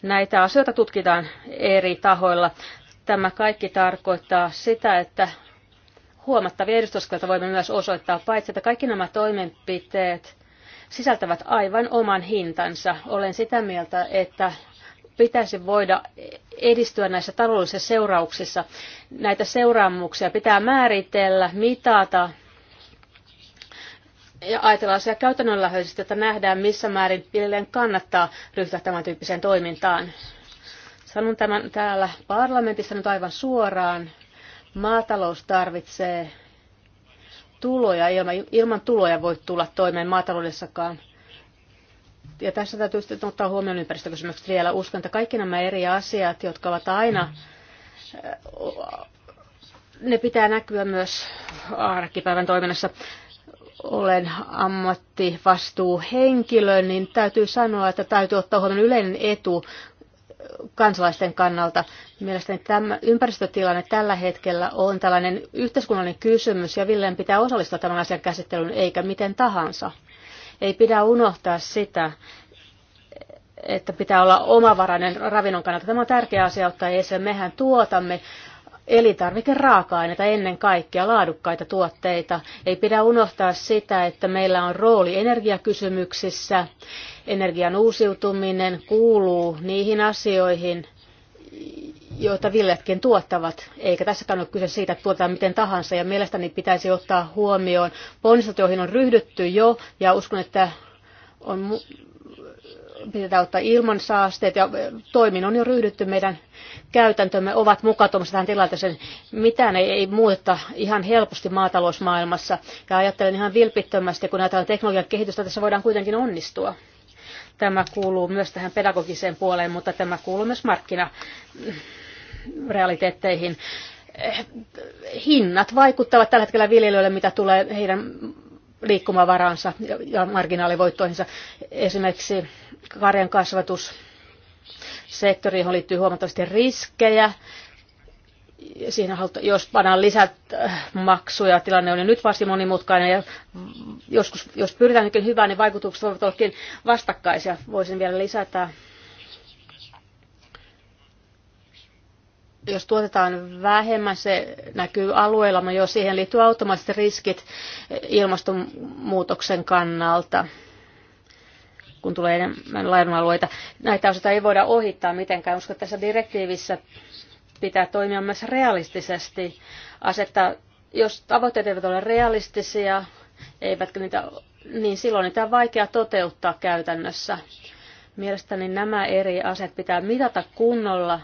Näitä asioita tutkitaan eri tahoilla. Tämä kaikki tarkoittaa sitä, että huomattavia edustuskelta voimme myös osoittaa, paitsi että kaikki nämä toimenpiteet sisältävät aivan oman hintansa. Olen sitä mieltä, että pitäisi voida edistyä näissä taloudellisissa seurauksissa. Näitä seuraamuksia pitää määritellä, mitata ja ajatellaan siellä käytännönläheisesti, että nähdään missä määrin viljelijän kannattaa ryhtyä tämän tyyppiseen toimintaan. Sanon tämän täällä parlamentissa nyt aivan suoraan. Maatalous tarvitsee tuloja, ilman, ilman tuloja voi tulla toimeen maataloudessakaan. Ja tässä täytyy sitten ottaa huomioon ympäristökysymykset vielä. Uskon, että kaikki nämä eri asiat, jotka ovat aina, ne pitää näkyä myös arkipäivän toiminnassa. Olen ammattivastuuhenkilö, niin täytyy sanoa, että täytyy ottaa huomioon yleinen etu kansalaisten kannalta. Mielestäni tämä ympäristötilanne tällä hetkellä on tällainen yhteiskunnallinen kysymys ja Villeen pitää osallistua tämän asian käsittelyyn eikä miten tahansa. Ei pidä unohtaa sitä, että pitää olla omavarainen ravinnon kannalta. Tämä on tärkeä asia ottaa esiin. Mehän tuotamme elintarvikeraaka-aineita ennen kaikkea, laadukkaita tuotteita. Ei pidä unohtaa sitä, että meillä on rooli energiakysymyksissä. Energian uusiutuminen kuuluu niihin asioihin, joita viljatkin tuottavat, eikä tässäkään ole kyse siitä, että tuotetaan miten tahansa, ja mielestäni pitäisi ottaa huomioon ponnistot, joihin on ryhdytty jo, ja uskon, että on pitää ottaa ilman saasteet ja toimin on jo ryhdytty. Meidän käytäntömme ovat mukautumassa tähän tilanteeseen. Mitään ei, ei muuteta ihan helposti maatalousmaailmassa. Ja ajattelen ihan vilpittömästi, kun ajatellaan teknologian kehitystä, tässä voidaan kuitenkin onnistua. Tämä kuuluu myös tähän pedagogiseen puoleen, mutta tämä kuuluu myös markkinarealiteetteihin eh, hinnat vaikuttavat tällä hetkellä viljelijöille, mitä tulee heidän liikkumavaransa ja marginaalivoittoihinsa. Esimerkiksi karjan kasvatussektori, johon liittyy huomattavasti riskejä. Siinä jos pannaan lisät äh, maksuja, tilanne on jo nyt varsin monimutkainen ja joskus, jos pyritään hyvään, niin vaikutukset voivat ollakin vastakkaisia. Voisin vielä lisätä jos tuotetaan vähemmän, se näkyy alueilla, jo siihen liittyy automaattisesti riskit ilmastonmuutoksen kannalta kun tulee enemmän laidunalueita. Näitä asioita ei voida ohittaa mitenkään. Uskon, että tässä direktiivissä pitää toimia myös realistisesti. Asettaa, jos tavoitteet eivät ole realistisia, eivätkä niitä, niin silloin niitä on vaikea toteuttaa käytännössä. Mielestäni nämä eri asiat pitää mitata kunnolla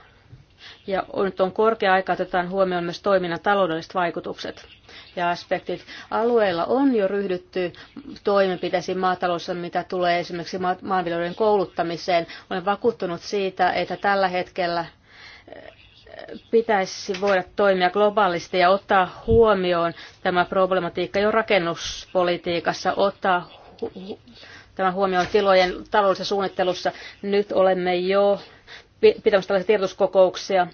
ja nyt on korkea aika otetaan huomioon myös toiminnan taloudelliset vaikutukset ja aspektit. Alueilla on jo ryhdytty toimenpiteisiin maataloudessa, mitä tulee esimerkiksi maanviljelijöiden kouluttamiseen. Olen vakuuttunut siitä, että tällä hetkellä eh, pitäisi voida toimia globaalisti ja ottaa huomioon tämä problematiikka jo rakennuspolitiikassa, ottaa hu- hu- tämä huomioon tilojen taloudellisessa suunnittelussa. Nyt olemme jo pitämässä tällaisia tiedotuskokouksia.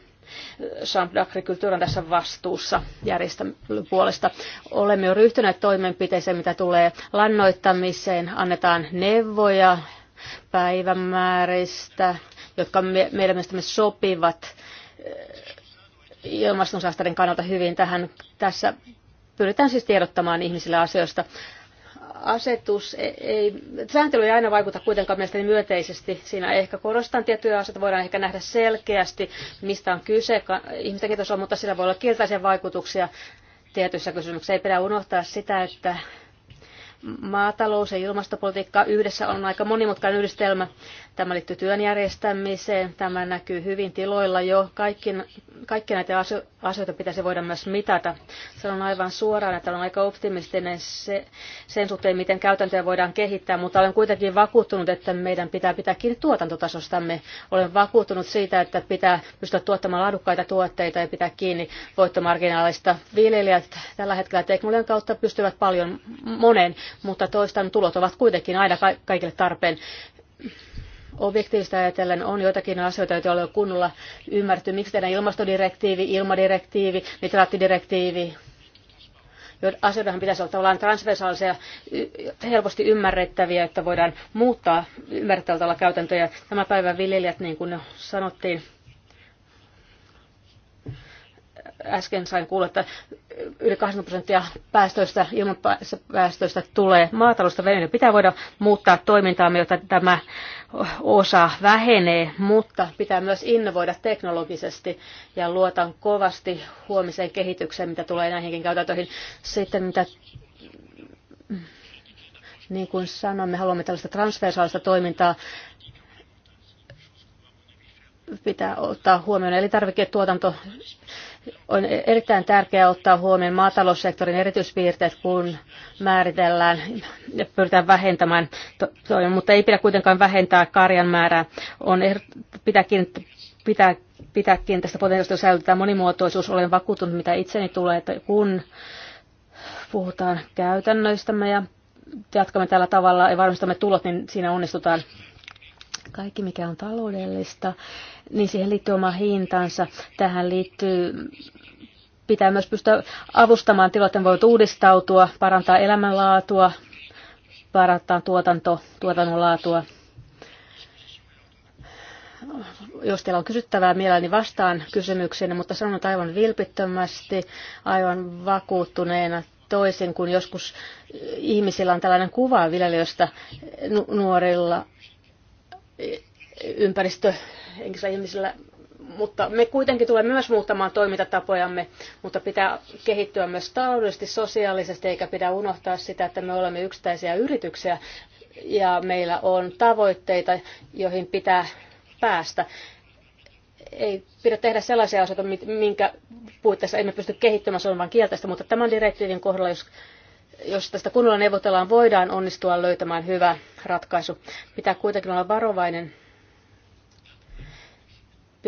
jean d'Agriculture on tässä vastuussa järjestön puolesta. Olemme jo ryhtyneet toimenpiteeseen, mitä tulee lannoittamiseen. Annetaan neuvoja päivämääristä, jotka me, meidän mielestämme sopivat eh, ilmastonsaasteiden kannalta hyvin tähän. Tässä pyritään siis tiedottamaan ihmisille asioista asetus e- ei, sääntely ei aina vaikuta kuitenkaan mielestäni myönteisesti. Siinä ehkä korostan tiettyjä asioita, voidaan ehkä nähdä selkeästi, mistä on kyse ihmisten ketosolla, mutta sillä voi olla kielteisiä vaikutuksia tietyissä kysymyksissä. Ei pidä unohtaa sitä, että maatalous ja ilmastopolitiikka yhdessä on aika monimutkainen yhdistelmä. Tämä liittyy työn järjestämiseen, tämä näkyy hyvin tiloilla jo. Kaikki, kaikki näitä asioita pitäisi voida myös mitata. Se on aivan suoraan, että on aika optimistinen se, sen suhteen, miten käytäntöjä voidaan kehittää, mutta olen kuitenkin vakuuttunut, että meidän pitää pitää kiinni tuotantotasostamme. Olen vakuuttunut siitä, että pitää pystyä tuottamaan laadukkaita tuotteita ja pitää kiinni voittomarginaalista. Viljelijät tällä hetkellä teknologian kautta pystyvät paljon monen mutta toistan tulot ovat kuitenkin aina kaikille tarpeen objektiivista ajatellen on joitakin asioita, joita ei ole kunnolla ymmärretty. Miksi tehdään ilmastodirektiivi, ilmadirektiivi, nitraattidirektiivi? Asioidenhan pitäisi olla tavallaan transversaalisia, helposti ymmärrettäviä, että voidaan muuttaa ymmärrettävällä tavalla käytäntöjä. Tämä päivän viljelijät, niin kuin sanottiin, äsken sain kuulla, että yli 80 prosenttia päästöistä, ilmanpäästöistä tulee maatalousta veneille. Pitää voida muuttaa toimintaamme, jotta tämä osa vähenee, mutta pitää myös innovoida teknologisesti ja luotan kovasti huomiseen kehitykseen, mitä tulee näihinkin käytäntöihin. Sitten mitä niin kuin sanoin, me haluamme tällaista transversaalista toimintaa pitää ottaa huomioon. Eli tarviketuotanto on erittäin tärkeää ottaa huomioon maataloussektorin erityispiirteet, kun määritellään ja pyritään vähentämään, to, mutta ei pidä kuitenkaan vähentää karjan määrää. On, pitäkin er-, pitää, pitääkin tästä potentiaalista säilytetään monimuotoisuus. Olen vakuuttunut, mitä itseni tulee, että kun puhutaan käytännöistämme ja jatkamme tällä tavalla ja varmistamme tulot, niin siinä onnistutaan kaikki, mikä on taloudellista niin siihen liittyy oma hintansa. Tähän liittyy pitää myös pystyä avustamaan tiloiden voit uudistautua, parantaa elämänlaatua, parantaa tuotanto, tuotannon laatua. Jos teillä on kysyttävää mielelläni niin vastaan kysymykseen, mutta sanon aivan vilpittömästi, aivan vakuuttuneena toisin kuin joskus ihmisillä on tällainen kuva viljelijöistä nuorilla ympäristö henkisillä ihmisillä, mutta me kuitenkin tulemme myös muuttamaan toimintatapojamme, mutta pitää kehittyä myös taloudellisesti, sosiaalisesti, eikä pidä unohtaa sitä, että me olemme yksittäisiä yrityksiä ja meillä on tavoitteita, joihin pitää päästä ei pidä tehdä sellaisia asioita, minkä puitteissa emme pysty kehittymään, se on vain kielteistä, mutta tämän direktiivin kohdalla, jos, jos tästä kunnolla neuvotellaan, voidaan onnistua löytämään hyvä ratkaisu. Pitää kuitenkin olla varovainen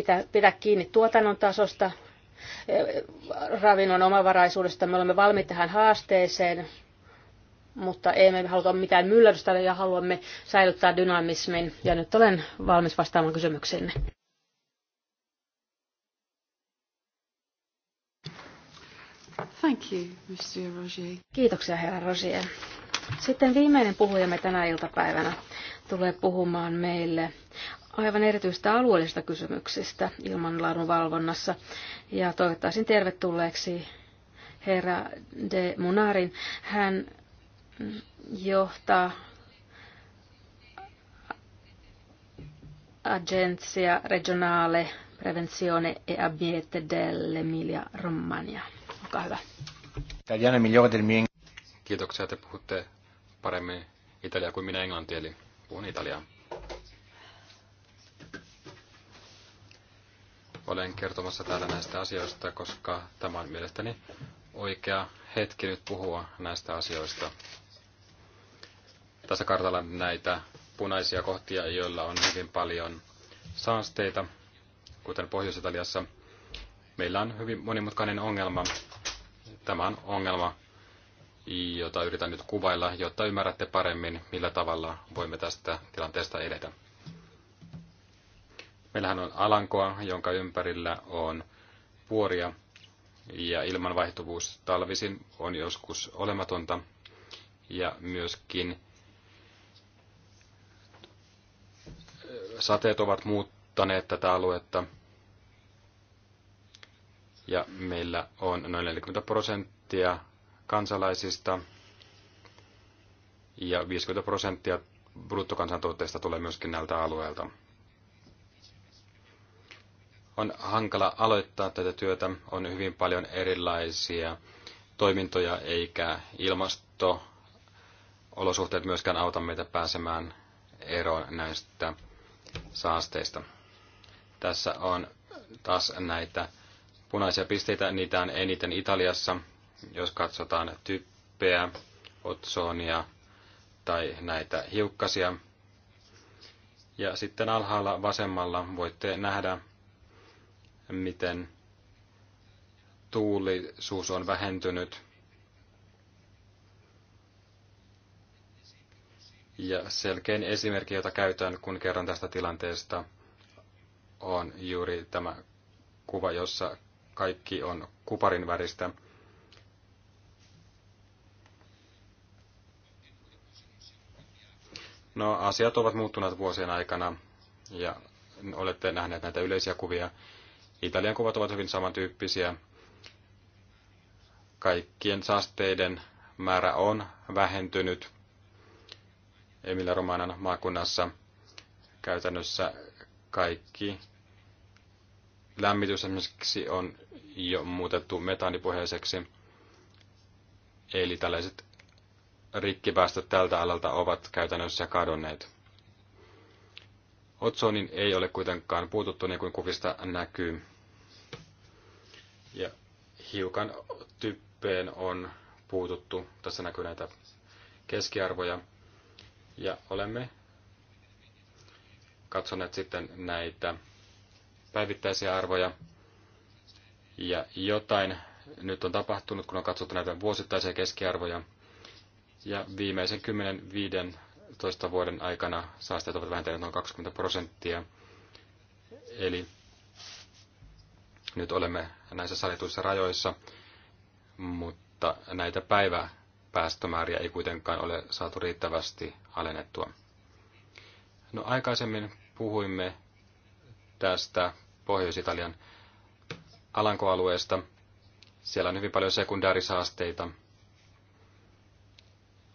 pitää, pitää kiinni tuotannon tasosta, e, ravinnon omavaraisuudesta. Me olemme valmiit tähän haasteeseen, mutta emme haluta mitään myllerrystä ja haluamme säilyttää dynamismin. Ja nyt olen valmis vastaamaan kysymyksiinne. Thank you, Roger. Kiitoksia, herra Rosier. Sitten viimeinen puhujamme tänä iltapäivänä tulee puhumaan meille aivan erityistä alueellisista kysymyksistä ilmanlaadun valvonnassa. Ja toivottaisin tervetulleeksi herra de Munarin. Hän johtaa Agenzia Regionale Prevenzione e Ambiente dell'Emilia Romagna. Olkaa hyvä. Kiitoksia, että puhutte paremmin italiaa kuin minä englantia, eli puhun italiaa. olen kertomassa täällä näistä asioista, koska tämä on mielestäni oikea hetki nyt puhua näistä asioista. Tässä kartalla näitä punaisia kohtia, joilla on hyvin paljon saasteita, kuten Pohjois-Italiassa. Meillä on hyvin monimutkainen ongelma. Tämä on ongelma, jota yritän nyt kuvailla, jotta ymmärrätte paremmin, millä tavalla voimme tästä tilanteesta edetä. Meillähän on alankoa, jonka ympärillä on vuoria ja ilmanvaihtuvuus talvisin on joskus olematonta ja myöskin sateet ovat muuttaneet tätä aluetta ja meillä on noin 40 prosenttia kansalaisista ja 50 prosenttia bruttokansantuotteesta tulee myöskin näiltä alueilta on hankala aloittaa tätä työtä. On hyvin paljon erilaisia toimintoja, eikä ilmasto-olosuhteet myöskään auta meitä pääsemään eroon näistä saasteista. Tässä on taas näitä punaisia pisteitä. Niitä on eniten Italiassa, jos katsotaan typpeä, otsonia tai näitä hiukkasia. Ja sitten alhaalla vasemmalla voitte nähdä, miten tuulisuus on vähentynyt. Ja selkein esimerkki, jota käytän, kun kerron tästä tilanteesta, on juuri tämä kuva, jossa kaikki on kuparin väristä. No, asiat ovat muuttuneet vuosien aikana ja olette nähneet näitä yleisiä kuvia, Italian kuvat ovat hyvin samantyyppisiä. Kaikkien saasteiden määrä on vähentynyt Emilia Romanan maakunnassa. Käytännössä kaikki lämmitys esimerkiksi on jo muutettu metaanipohjaiseksi. Eli tällaiset rikkipäästöt tältä alalta ovat käytännössä kadonneet. Otsonin ei ole kuitenkaan puututtu niin kuin kuvista näkyy. Ja hiukan typpeen on puututtu. Tässä näkyy näitä keskiarvoja. Ja olemme katsoneet sitten näitä päivittäisiä arvoja. Ja jotain nyt on tapahtunut, kun on katsottu näitä vuosittaisia keskiarvoja. Ja viimeisen 10 viiden Toista vuoden aikana saasteet ovat vähentyneet noin 20 prosenttia. Eli nyt olemme näissä salituissa rajoissa, mutta näitä päiväpäästömääriä ei kuitenkaan ole saatu riittävästi alennettua. No aikaisemmin puhuimme tästä Pohjois-Italian alankoalueesta. Siellä on hyvin paljon sekundäärisaasteita,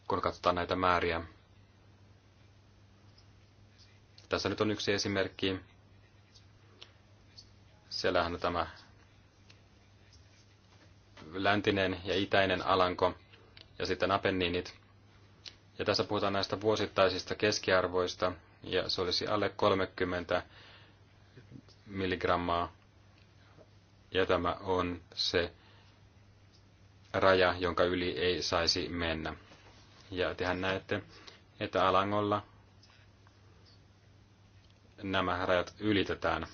kun katsotaan näitä määriä. Tässä nyt on yksi esimerkki. Siellähän on tämä läntinen ja itäinen alanko ja sitten Apenninit. Ja tässä puhutaan näistä vuosittaisista keskiarvoista ja se olisi alle 30 milligrammaa. Ja tämä on se raja, jonka yli ei saisi mennä. Ja tehän näette, että alangolla nämä rajat ylitetään.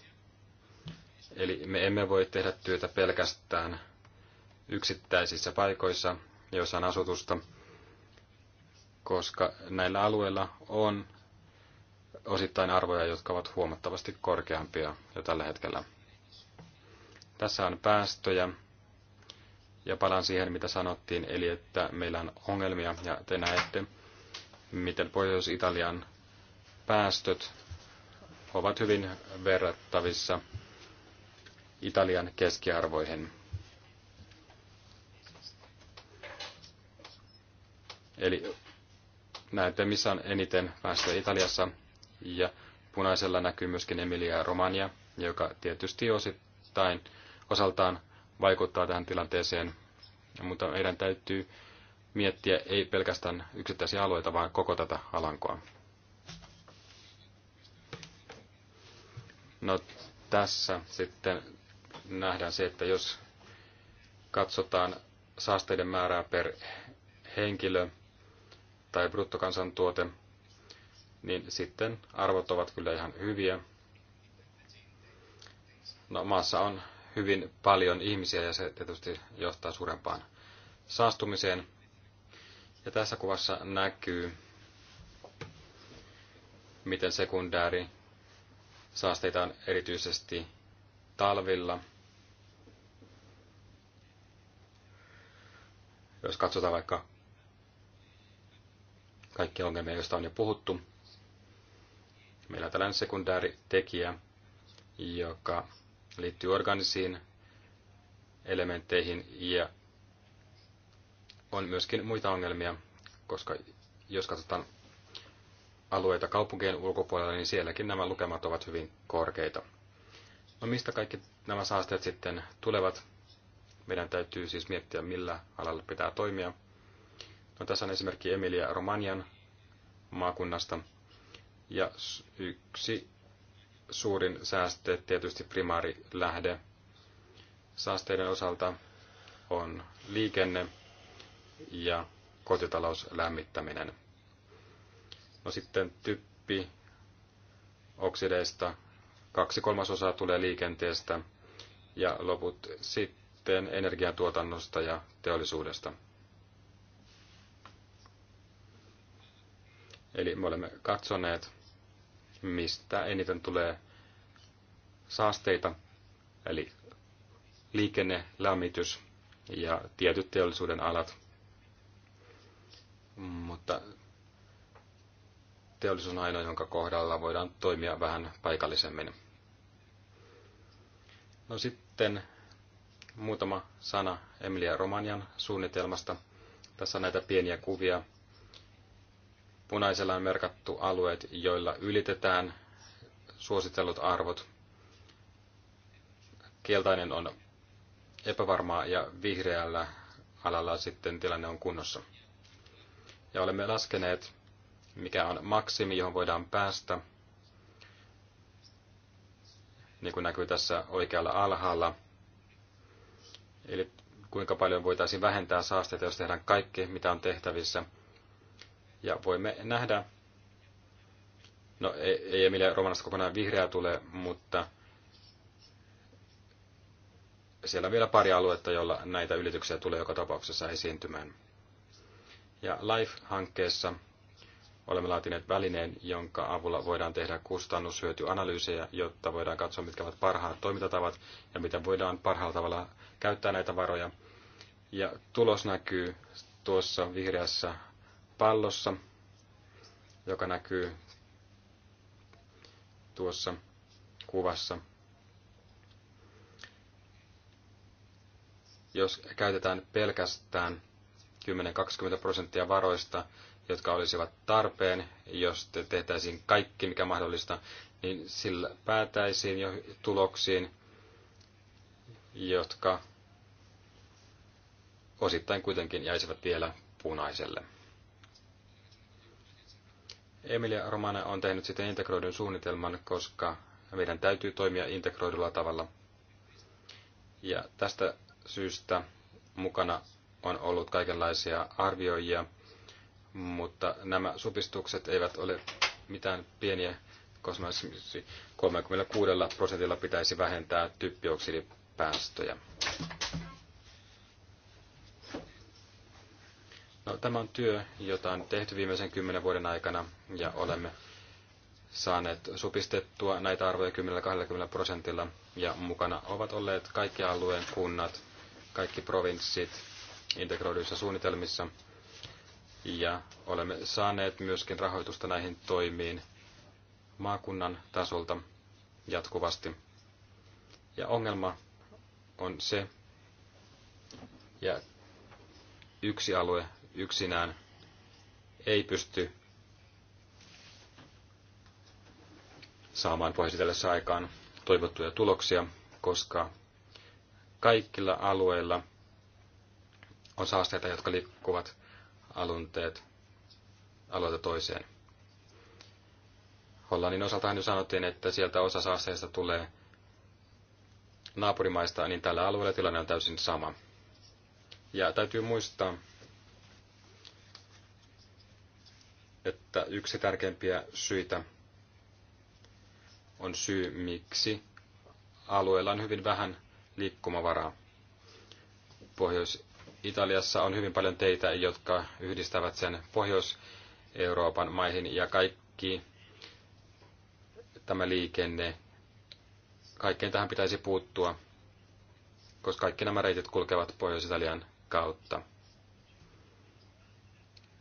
Eli me emme voi tehdä työtä pelkästään yksittäisissä paikoissa, joissa on asutusta, koska näillä alueilla on osittain arvoja, jotka ovat huomattavasti korkeampia jo tällä hetkellä. Tässä on päästöjä, ja palaan siihen, mitä sanottiin, eli että meillä on ongelmia, ja te näette, miten Pohjois-Italian päästöt ovat hyvin verrattavissa Italian keskiarvoihin. Eli näette, missä on eniten päästöjä Italiassa. Ja punaisella näkyy myöskin Emilia Romania, joka tietysti osittain osaltaan vaikuttaa tähän tilanteeseen. Mutta meidän täytyy miettiä ei pelkästään yksittäisiä alueita, vaan koko tätä alankoa. No tässä sitten nähdään se, että jos katsotaan saasteiden määrää per henkilö tai bruttokansantuote, niin sitten arvot ovat kyllä ihan hyviä. No, maassa on hyvin paljon ihmisiä ja se tietysti johtaa suurempaan saastumiseen. Ja tässä kuvassa näkyy, miten sekundääri Saasteita on erityisesti talvilla. Jos katsotaan vaikka kaikki ongelmia, joista on jo puhuttu, meillä on tällainen sekundääritekijä, joka liittyy organisiin elementteihin ja on myöskin muita ongelmia, koska jos katsotaan alueita kaupunkien ulkopuolella, niin sielläkin nämä lukemat ovat hyvin korkeita. No mistä kaikki nämä saasteet sitten tulevat? Meidän täytyy siis miettiä, millä alalla pitää toimia. No, tässä on esimerkki Emilia Romanian maakunnasta. Ja yksi suurin sääste, tietysti primaarilähde saasteiden osalta, on liikenne ja kotitalouslämmittäminen. No sitten typpi oksideista kaksi kolmasosaa tulee liikenteestä ja loput sitten energiantuotannosta ja teollisuudesta. Eli me olemme katsoneet, mistä eniten tulee saasteita, eli liikenne, lämmitys ja tietyt teollisuuden alat. Mutta teollisuus on ainoa, jonka kohdalla voidaan toimia vähän paikallisemmin. No sitten muutama sana Emilia Romanian suunnitelmasta. Tässä on näitä pieniä kuvia. Punaisella on merkattu alueet, joilla ylitetään suositellut arvot. Keltainen on epävarmaa ja vihreällä alalla sitten tilanne on kunnossa. Ja olemme laskeneet mikä on maksimi, johon voidaan päästä, niin kuin näkyy tässä oikealla alhaalla. Eli kuinka paljon voitaisiin vähentää saasteita, jos tehdään kaikki, mitä on tehtävissä. Ja voimme nähdä, no ei, Emilia Romanasta kokonaan vihreää tule, mutta siellä on vielä pari aluetta, jolla näitä ylityksiä tulee joka tapauksessa esiintymään. Ja LIFE-hankkeessa Olemme laatineet välineen, jonka avulla voidaan tehdä kustannushyötyanalyysejä, jotta voidaan katsoa, mitkä ovat parhaat toimintatavat ja miten voidaan parhaalla tavalla käyttää näitä varoja. Ja tulos näkyy tuossa vihreässä pallossa, joka näkyy tuossa kuvassa. Jos käytetään pelkästään 10-20 prosenttia varoista jotka olisivat tarpeen, jos te tehtäisiin kaikki, mikä mahdollista, niin sillä päätäisiin jo tuloksiin, jotka osittain kuitenkin jäisivät vielä punaiselle. Emilia Romana on tehnyt sitten integroidun suunnitelman, koska meidän täytyy toimia integroidulla tavalla. Ja tästä syystä mukana on ollut kaikenlaisia arvioijia – mutta nämä supistukset eivät ole mitään pieniä, koska 36 prosentilla pitäisi vähentää typpioksidipäästöjä. No, tämä on työ, jota on tehty viimeisen kymmenen vuoden aikana ja olemme saaneet supistettua näitä arvoja 10-20 prosentilla ja mukana ovat olleet kaikki alueen kunnat, kaikki provinssit integroiduissa suunnitelmissa – ja olemme saaneet myöskin rahoitusta näihin toimiin maakunnan tasolta jatkuvasti. Ja ongelma on se, ja yksi alue yksinään ei pysty saamaan pohjoisitellessä aikaan toivottuja tuloksia, koska kaikilla alueilla on saasteita, jotka liikkuvat alunteet aloita toiseen. Hollannin osaltahan jo sanottiin, että sieltä osa saasteista tulee naapurimaista, niin tällä alueella tilanne on täysin sama. Ja täytyy muistaa, että yksi tärkeimpiä syitä on syy, miksi alueella on hyvin vähän liikkumavaraa. Pohjois- Italiassa on hyvin paljon teitä, jotka yhdistävät sen Pohjois-Euroopan maihin ja kaikki tämä liikenne, kaikkeen tähän pitäisi puuttua, koska kaikki nämä reitit kulkevat Pohjois-Italian kautta.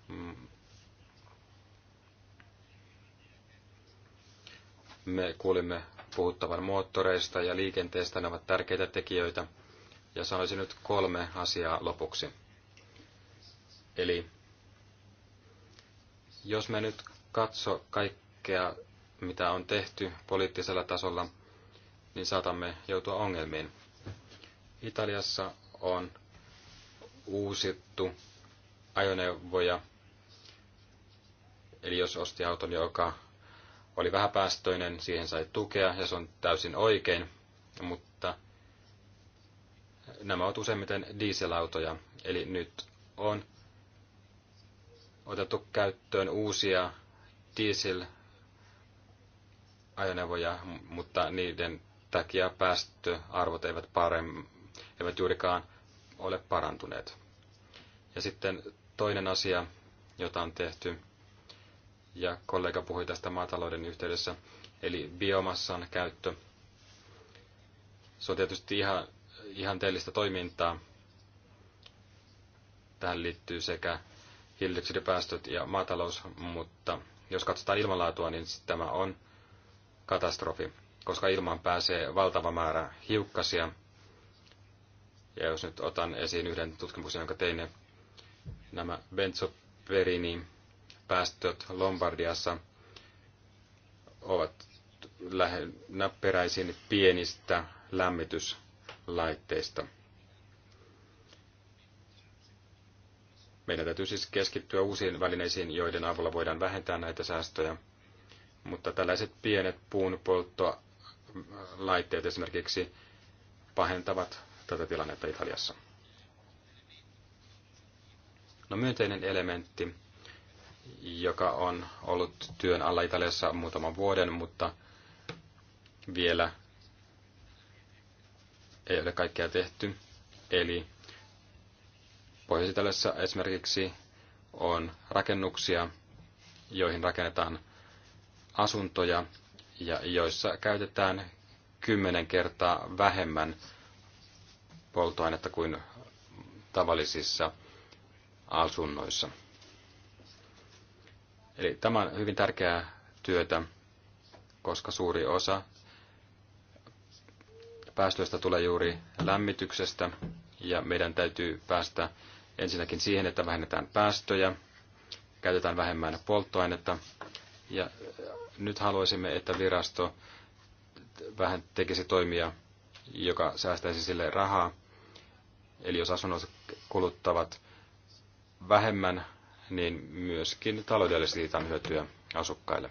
Mm. Me kuulimme puhuttavan moottoreista ja liikenteestä, ne ovat tärkeitä tekijöitä – ja sanoisin nyt kolme asiaa lopuksi. Eli jos me nyt katso kaikkea, mitä on tehty poliittisella tasolla, niin saatamme joutua ongelmiin. Italiassa on uusittu ajoneuvoja, eli jos osti auton, joka oli vähäpäästöinen, siihen sai tukea ja se on täysin oikein, mutta nämä ovat useimmiten dieselautoja. Eli nyt on otettu käyttöön uusia diesel-ajoneuvoja, mutta niiden takia päästöarvot eivät, parem, eivät juurikaan ole parantuneet. Ja sitten toinen asia, jota on tehty, ja kollega puhui tästä maatalouden yhteydessä, eli biomassan käyttö. Se on tietysti ihan ihanteellista toimintaa. Tähän liittyy sekä hiilidioksidipäästöt ja maatalous, mutta jos katsotaan ilmanlaatua, niin tämä on katastrofi, koska ilmaan pääsee valtava määrä hiukkasia. Ja jos nyt otan esiin yhden tutkimuksen, jonka tein, nämä benzoperini päästöt Lombardiassa ovat lähinnä peräisin pienistä lämmitys- laitteista. Meidän täytyy siis keskittyä uusiin välineisiin, joiden avulla voidaan vähentää näitä säästöjä, mutta tällaiset pienet puun polttolaitteet esimerkiksi pahentavat tätä tilannetta Italiassa. No myönteinen elementti, joka on ollut työn alla Italiassa muutaman vuoden, mutta vielä ei ole kaikkea tehty. Eli pohjois esimerkiksi on rakennuksia, joihin rakennetaan asuntoja ja joissa käytetään kymmenen kertaa vähemmän polttoainetta kuin tavallisissa asunnoissa. Eli tämä on hyvin tärkeää työtä, koska suuri osa päästöistä tulee juuri lämmityksestä, ja meidän täytyy päästä ensinnäkin siihen, että vähennetään päästöjä, käytetään vähemmän polttoainetta, ja äh, nyt haluaisimme, että virasto vähän tekisi toimia, joka säästäisi sille rahaa. Eli jos asunnot kuluttavat vähemmän, niin myöskin taloudellisesti siitä on hyötyä asukkaille.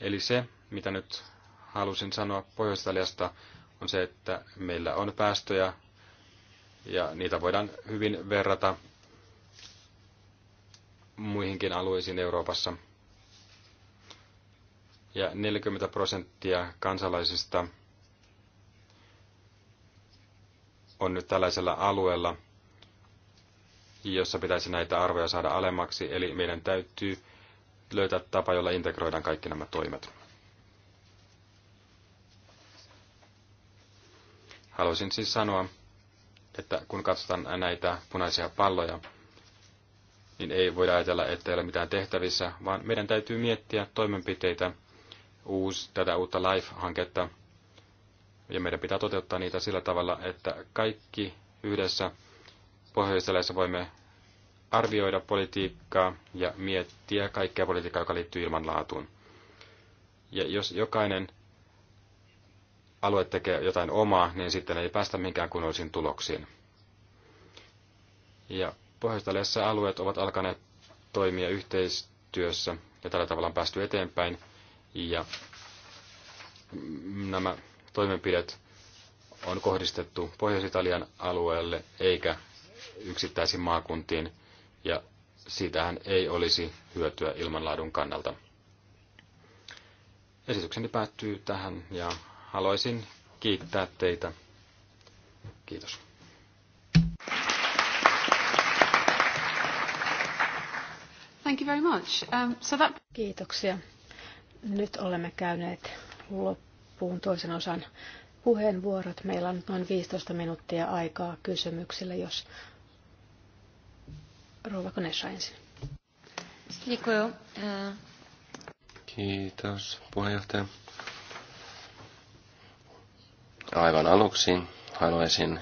Eli se, mitä nyt halusin sanoa pohjois on se, että meillä on päästöjä ja niitä voidaan hyvin verrata muihinkin alueisiin Euroopassa. Ja 40 prosenttia kansalaisista on nyt tällaisella alueella, jossa pitäisi näitä arvoja saada alemmaksi, eli meidän täytyy löytää tapa, jolla integroidaan kaikki nämä toimet. Haluaisin siis sanoa, että kun katsotaan näitä punaisia palloja, niin ei voida ajatella, että ei ole mitään tehtävissä, vaan meidän täytyy miettiä toimenpiteitä, uusi, tätä uutta LIFE-hanketta, ja meidän pitää toteuttaa niitä sillä tavalla, että kaikki yhdessä pohjoisessa voimme arvioida politiikkaa ja miettiä kaikkea politiikkaa, joka liittyy ilmanlaatuun. Ja jos jokainen alue tekee jotain omaa, niin sitten ei päästä minkään kunnollisiin tuloksiin. Ja pohjois alueet ovat alkaneet toimia yhteistyössä ja tällä tavalla on päästy eteenpäin. Ja nämä toimenpidet on kohdistettu Pohjois-Italian alueelle eikä yksittäisiin maakuntiin, ja siitähän ei olisi hyötyä ilmanlaadun kannalta. Esitykseni päättyy tähän ja haluaisin kiittää teitä. Kiitos. Thank you very much. Um, so that... Kiitoksia. Nyt olemme käyneet loppuun toisen osan puheenvuorot. Meillä on noin 15 minuuttia aikaa kysymyksille, jos Rouva Konesha ensin. E, Kiitos puheenjohtaja. Aivan aluksi haluaisin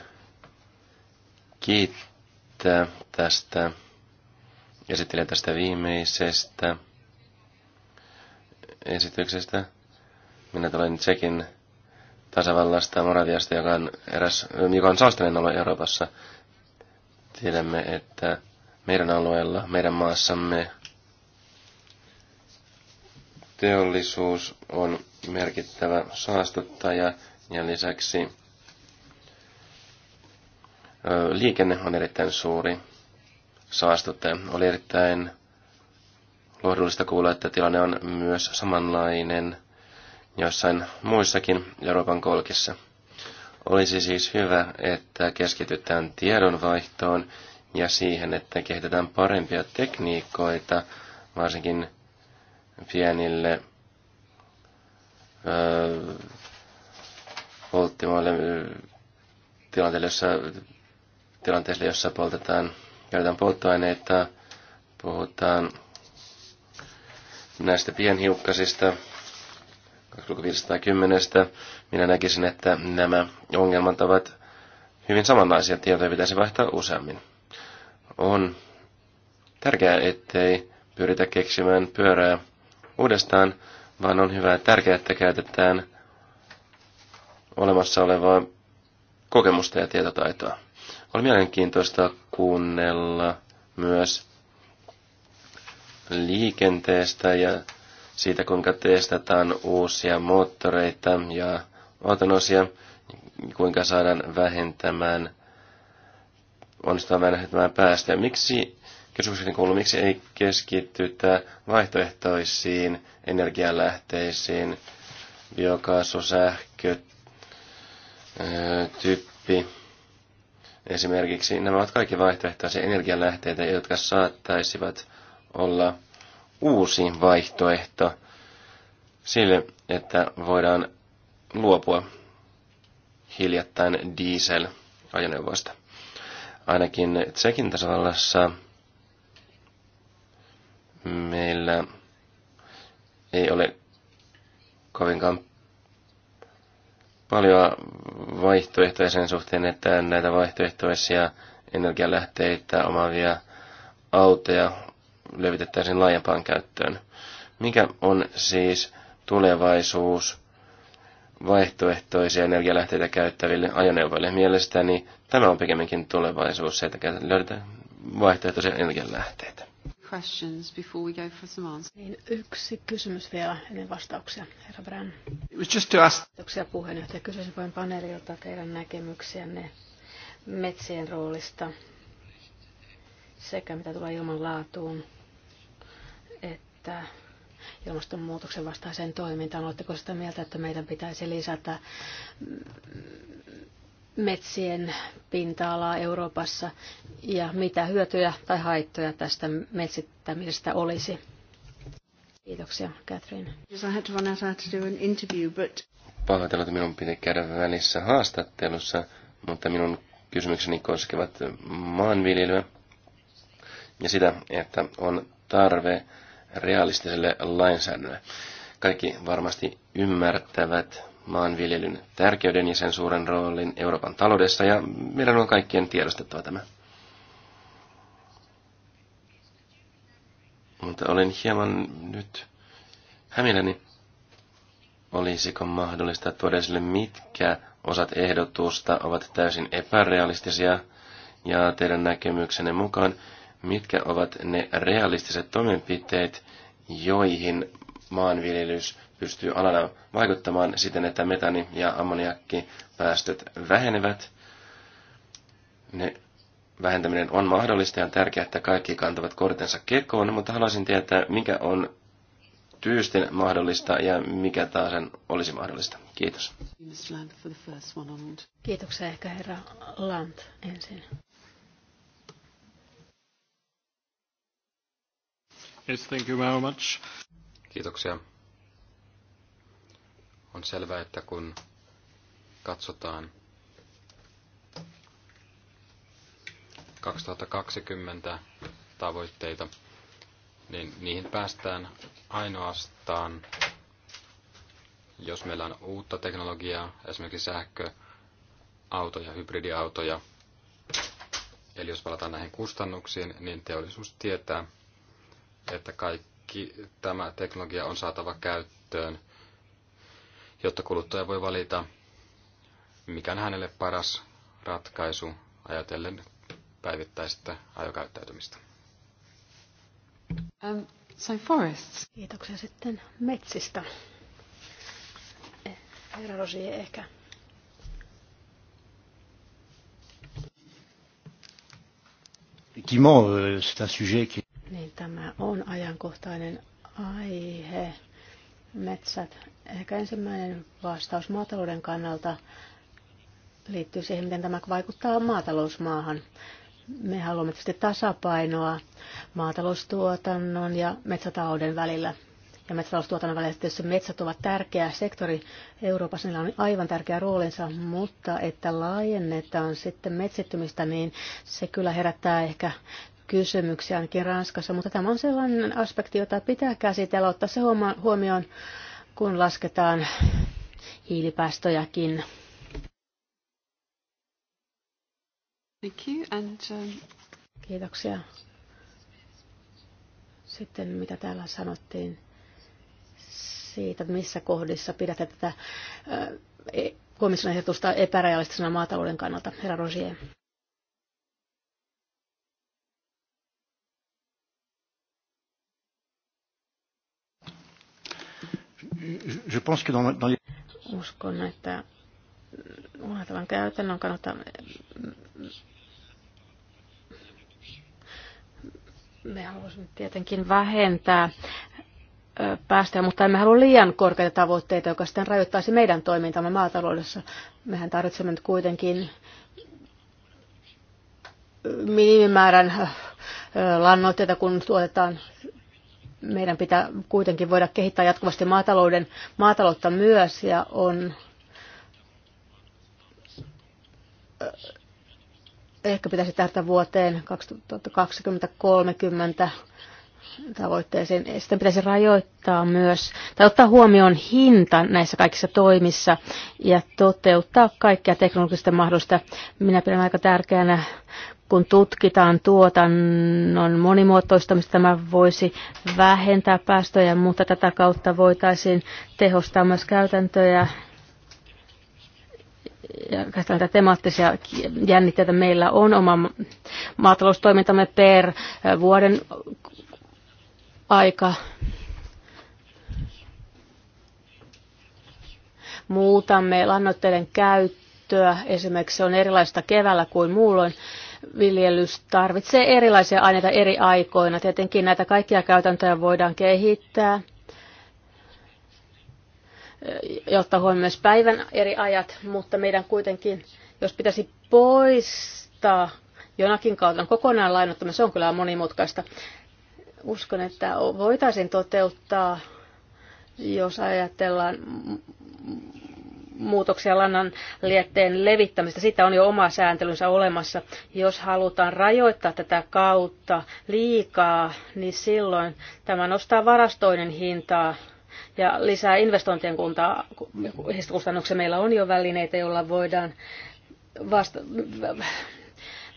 kiittää tästä esittelen tästä viimeisestä esityksestä. Minä tulen Tsekin tasavallasta Moraviasta, joka on, eräs, joka on saastainen alue Euroopassa. Tiedämme, että meidän alueella, meidän maassamme teollisuus on merkittävä saastuttaja – ja lisäksi liikenne on erittäin suuri saastute. Oli erittäin lohdullista kuulla, että tilanne on myös samanlainen jossain muissakin Euroopan kolkissa. Olisi siis hyvä, että keskitytään tiedonvaihtoon ja siihen, että kehitetään parempia tekniikoita, varsinkin pienille öö, polttimoille jossa, tilanteessa, jossa poltetaan, käytetään polttoaineita, puhutaan näistä pienhiukkasista, 2510. Minä näkisin, että nämä ongelmat ovat hyvin samanlaisia. Tietoja pitäisi vaihtaa useammin. On tärkeää, ettei pyritä keksimään pyörää uudestaan, vaan on hyvä tärkeää, että käytetään – olemassa olevaa kokemusta ja tietotaitoa. Oli mielenkiintoista kuunnella myös liikenteestä ja siitä, kuinka testataan uusia moottoreita ja osia, kuinka saadaan vähentämään, onnistua vähentämään päästöjä. Miksi, kysymykseni kuuluu, miksi ei keskitytä vaihtoehtoisiin energialähteisiin, biokaasu, sähkö, tyyppi Esimerkiksi nämä ovat kaikki vaihtoehtoisia energialähteitä, jotka saattaisivat olla uusi vaihtoehto sille, että voidaan luopua hiljattain diesel-ajoneuvoista. Ainakin Tsekin tasavallassa meillä ei ole kovinkaan paljon vaihtoehtoja sen suhteen, että näitä vaihtoehtoisia energialähteitä omaavia autoja levitettäisiin laajempaan käyttöön. Mikä on siis tulevaisuus vaihtoehtoisia energialähteitä käyttäville ajoneuvoille? Mielestäni tämä on pikemminkin tulevaisuus, että löydetään vaihtoehtoisia energialähteitä questions before we go for some answers. Niin, yksi kysymys vielä ennen vastauksia, herra Brand. It was just to ask... Kiitoksia puheenjohtaja. Kysyisin vain paneelilta teidän näkemyksiänne metsien roolista sekä mitä tulee ilman laatuun että ilmastonmuutoksen vastaiseen toimintaan. Oletteko sitä mieltä, että meidän pitäisi lisätä metsien pinta-alaa Euroopassa ja mitä hyötyjä tai haittoja tästä metsittämisestä olisi. Kiitoksia, Catherine. Pahoitella, että minun piti käydä välissä haastattelussa, mutta minun kysymykseni koskevat maanviljelyä ja sitä, että on tarve realistiselle lainsäädännölle. Kaikki varmasti ymmärtävät, maanviljelyn tärkeyden ja sen suuren roolin Euroopan taloudessa, ja meidän on kaikkien tiedostettava tämä. Mutta olen hieman nyt hämilläni, olisiko mahdollista tuoda sille, mitkä osat ehdotusta ovat täysin epärealistisia, ja teidän näkemyksenne mukaan, mitkä ovat ne realistiset toimenpiteet, joihin maanviljelys pystyy alana vaikuttamaan siten, että metani- ja ammoniakkipäästöt vähenevät. Ne vähentäminen on mahdollista ja on tärkeää, että kaikki kantavat kortensa kekoon, mutta haluaisin tietää, mikä on tyystin mahdollista ja mikä taas olisi mahdollista. Kiitos. Kiitoksia ehkä herra Land ensin. Yes, thank you very much. Kiitoksia. On selvää, että kun katsotaan 2020 tavoitteita, niin niihin päästään ainoastaan, jos meillä on uutta teknologiaa, esimerkiksi sähköautoja, hybridiautoja. Eli jos palataan näihin kustannuksiin, niin teollisuus tietää, että kaikki tämä teknologia on saatava käyttöön jotta kuluttaja voi valita, mikä on hänelle paras ratkaisu ajatellen päivittäistä ajokäyttäytymistä. Um, so forests. Kiitoksia sitten metsistä. Eh, herra Rosie ehkä. Effectivement, euh, c'est un sujet qui... Niin, tämä on ajankohtainen aihe metsät. Ehkä ensimmäinen vastaus maatalouden kannalta liittyy siihen, miten tämä vaikuttaa maatalousmaahan. Me haluamme tietysti tasapainoa maataloustuotannon ja metsätalouden välillä. Ja metsätaloustuotannon välillä tietysti metsät ovat tärkeä sektori Euroopassa, niillä on aivan tärkeä roolinsa, mutta että laajennetaan sitten metsittymistä, niin se kyllä herättää ehkä kysymyksiä ainakin Ranskassa, mutta tämä on sellainen aspekti, jota pitää käsitellä, ottaa se huomioon, kun lasketaan hiilipäästöjäkin. Thank you and, um... Kiitoksia. Sitten mitä täällä sanottiin siitä, missä kohdissa pidätte tätä e- komission ehdotusta epärealistisena maatalouden kannalta, herra Rosier. je pense que dans, dans les... Uskon, että unohtavan käytännön kannalta me haluaisimme tietenkin vähentää päästöjä, mutta emme halua liian korkeita tavoitteita, joka sitten rajoittaisi meidän toimintamme maataloudessa. Mehän tarvitsemme nyt kuitenkin minimimäärän lannoitteita, kun tuotetaan meidän pitää kuitenkin voida kehittää jatkuvasti maatalouden, maataloutta myös ja on eh, ehkä pitäisi tähtää vuoteen 2030 tavoitteeseen. Sitä pitäisi rajoittaa myös tai ottaa huomioon hinta näissä kaikissa toimissa ja toteuttaa kaikkia teknologista mahdollista. Minä pidän aika tärkeänä kun tutkitaan tuotannon monimuotoistamista, tämä voisi vähentää päästöjä, mutta tätä kautta voitaisiin tehostaa myös käytäntöjä ja näitä temaattisia jännitteitä. Meillä on oma maataloustoimintamme per äh, vuoden aika. Muutamme lannoitteiden käyttöä. Esimerkiksi se on erilaista keväällä kuin muulloin viljelys tarvitsee erilaisia aineita eri aikoina. Tietenkin näitä kaikkia käytäntöjä voidaan kehittää, jotta huomioon myös päivän eri ajat, mutta meidän kuitenkin, jos pitäisi poistaa jonakin kautta kokonaan lainottamme se on kyllä monimutkaista. Uskon, että voitaisiin toteuttaa, jos ajatellaan muutoksia lannan lietteen levittämistä. Sitä on jo oma sääntelynsä olemassa. Jos halutaan rajoittaa tätä kautta liikaa, niin silloin tämä nostaa varastoinen hintaa ja lisää investointien kuntaa. Kustannuksia meillä on jo välineitä, joilla voidaan vasta-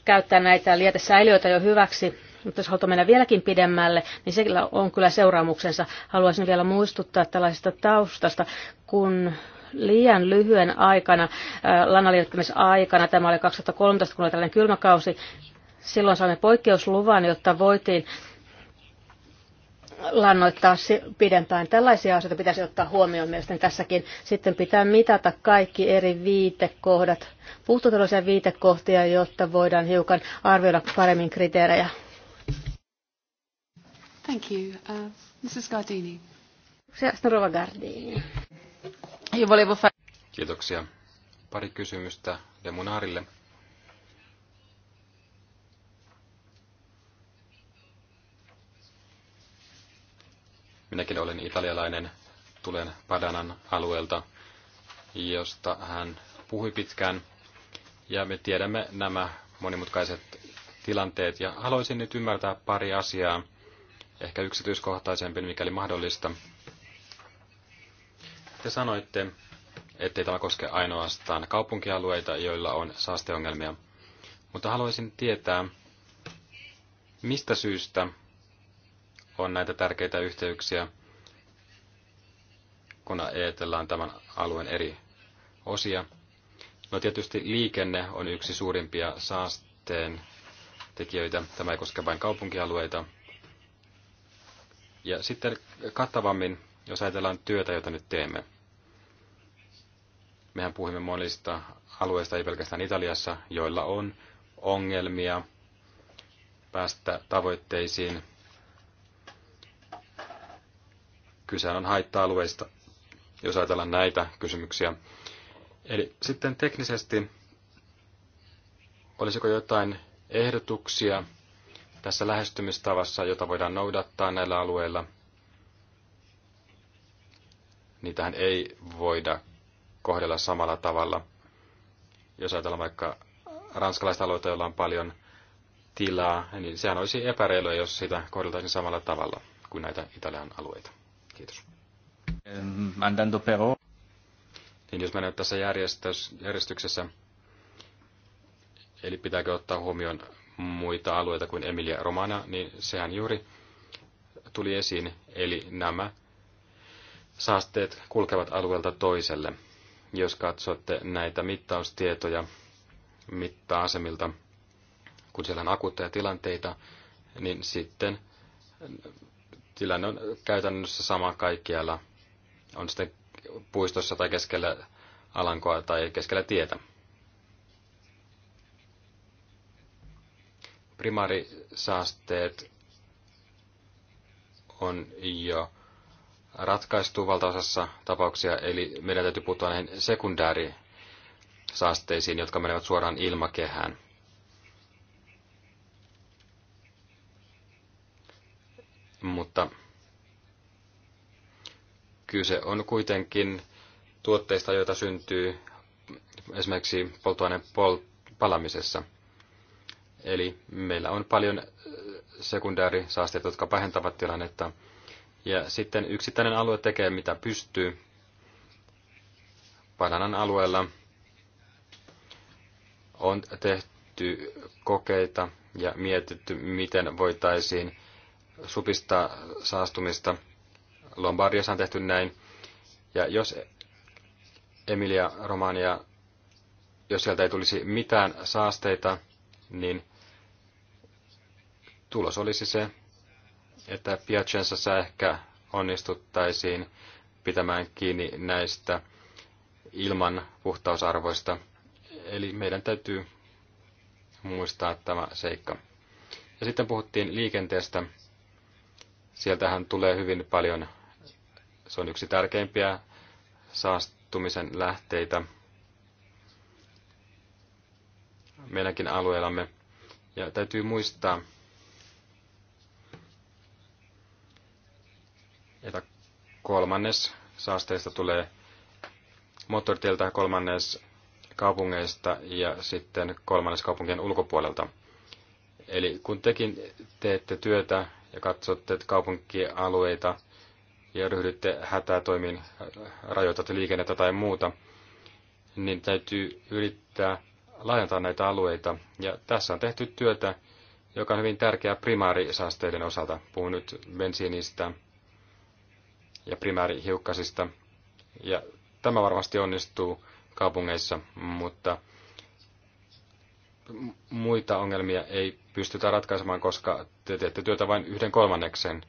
käyttää näitä lietesäiliöitä jo hyväksi. Mutta jos halutaan mennä vieläkin pidemmälle, niin sillä on kyllä seuraamuksensa. Haluaisin vielä muistuttaa tällaisesta taustasta, kun liian lyhyen aikana, äh, lannanliittämisaikana, tämä oli 2013, kun oli tällainen kylmäkausi, silloin saimme poikkeusluvan, jotta voitiin lannoittaa pidempään. Tällaisia asioita pitäisi ottaa huomioon mielestäni tässäkin. Sitten pitää mitata kaikki eri viitekohdat, puhtoteloisia viitekohtia, jotta voidaan hiukan arvioida paremmin kriteerejä. Thank you. Uh, Mrs. Gardini. Rova Gardini. Kiitoksia. Pari kysymystä Demunaarille. Minäkin olen italialainen, tulen Padanan alueelta, josta hän puhui pitkään. Ja me tiedämme nämä monimutkaiset tilanteet. Ja haluaisin nyt ymmärtää pari asiaa, ehkä yksityiskohtaisempi, mikäli mahdollista. Te sanoitte, ettei tämä koske ainoastaan kaupunkialueita, joilla on saasteongelmia. Mutta haluaisin tietää, mistä syystä on näitä tärkeitä yhteyksiä, kun ajatellaan tämän alueen eri osia. No tietysti liikenne on yksi suurimpia saasteen tekijöitä. Tämä ei koske vain kaupunkialueita. Ja sitten kattavammin jos ajatellaan työtä, jota nyt teemme, mehän puhumme monista alueista, ei pelkästään Italiassa, joilla on ongelmia päästä tavoitteisiin. Kyse on haitta-alueista, jos ajatellaan näitä kysymyksiä. Eli sitten teknisesti, olisiko jotain ehdotuksia tässä lähestymistavassa, jota voidaan noudattaa näillä alueilla – niitähän ei voida kohdella samalla tavalla. Jos ajatellaan vaikka ranskalaista aloita, jolla on paljon tilaa, niin sehän olisi epäreilua, jos sitä kohdeltaisiin samalla tavalla kuin näitä Italian alueita. Kiitos. Andando pero. Niin jos mennään tässä järjestyksessä, eli pitääkö ottaa huomioon muita alueita kuin Emilia Romana, niin sehän juuri tuli esiin. Eli nämä saasteet kulkevat alueelta toiselle. Jos katsotte näitä mittaustietoja mitta-asemilta, kun siellä on akuutteja tilanteita, niin sitten tilanne on käytännössä sama kaikkialla. On sitten puistossa tai keskellä alankoa tai keskellä tietä. Primaarisaasteet on jo ratkaistu valtaosassa tapauksia, eli meidän täytyy puuttua näihin sekundäärisaasteisiin, jotka menevät suoraan ilmakehään. Mutta kyse on kuitenkin tuotteista, joita syntyy esimerkiksi polttoaineen pol- palamisessa. Eli meillä on paljon sekundäärisaasteita, jotka pahentavat tilannetta, ja sitten yksittäinen alue tekee mitä pystyy. Bananan alueella on tehty kokeita ja mietitty, miten voitaisiin supistaa saastumista. Lombardiassa on tehty näin. Ja jos Emilia Romania, jos sieltä ei tulisi mitään saasteita, niin tulos olisi se, että Piacenzassa ehkä onnistuttaisiin pitämään kiinni näistä ilman puhtausarvoista. Eli meidän täytyy muistaa tämä seikka. Ja sitten puhuttiin liikenteestä. Sieltähän tulee hyvin paljon, se on yksi tärkeimpiä saastumisen lähteitä meidänkin alueellamme. Ja täytyy muistaa, että kolmannes saasteista tulee moottoritieltä, kolmannes kaupungeista ja sitten kolmannes kaupunkien ulkopuolelta. Eli kun tekin teette työtä ja katsotte kaupunkialueita ja ryhdytte hätätoimiin, rajoitatte liikennettä tai muuta, niin täytyy yrittää laajentaa näitä alueita. Ja tässä on tehty työtä, joka on hyvin tärkeää primaarisaasteiden osalta. Puhun nyt bensiinistä, ja primäärihiukkasista. Ja tämä varmasti onnistuu kaupungeissa, mutta muita ongelmia ei pystytä ratkaisemaan, koska te teette työtä vain yhden kolmanneksen,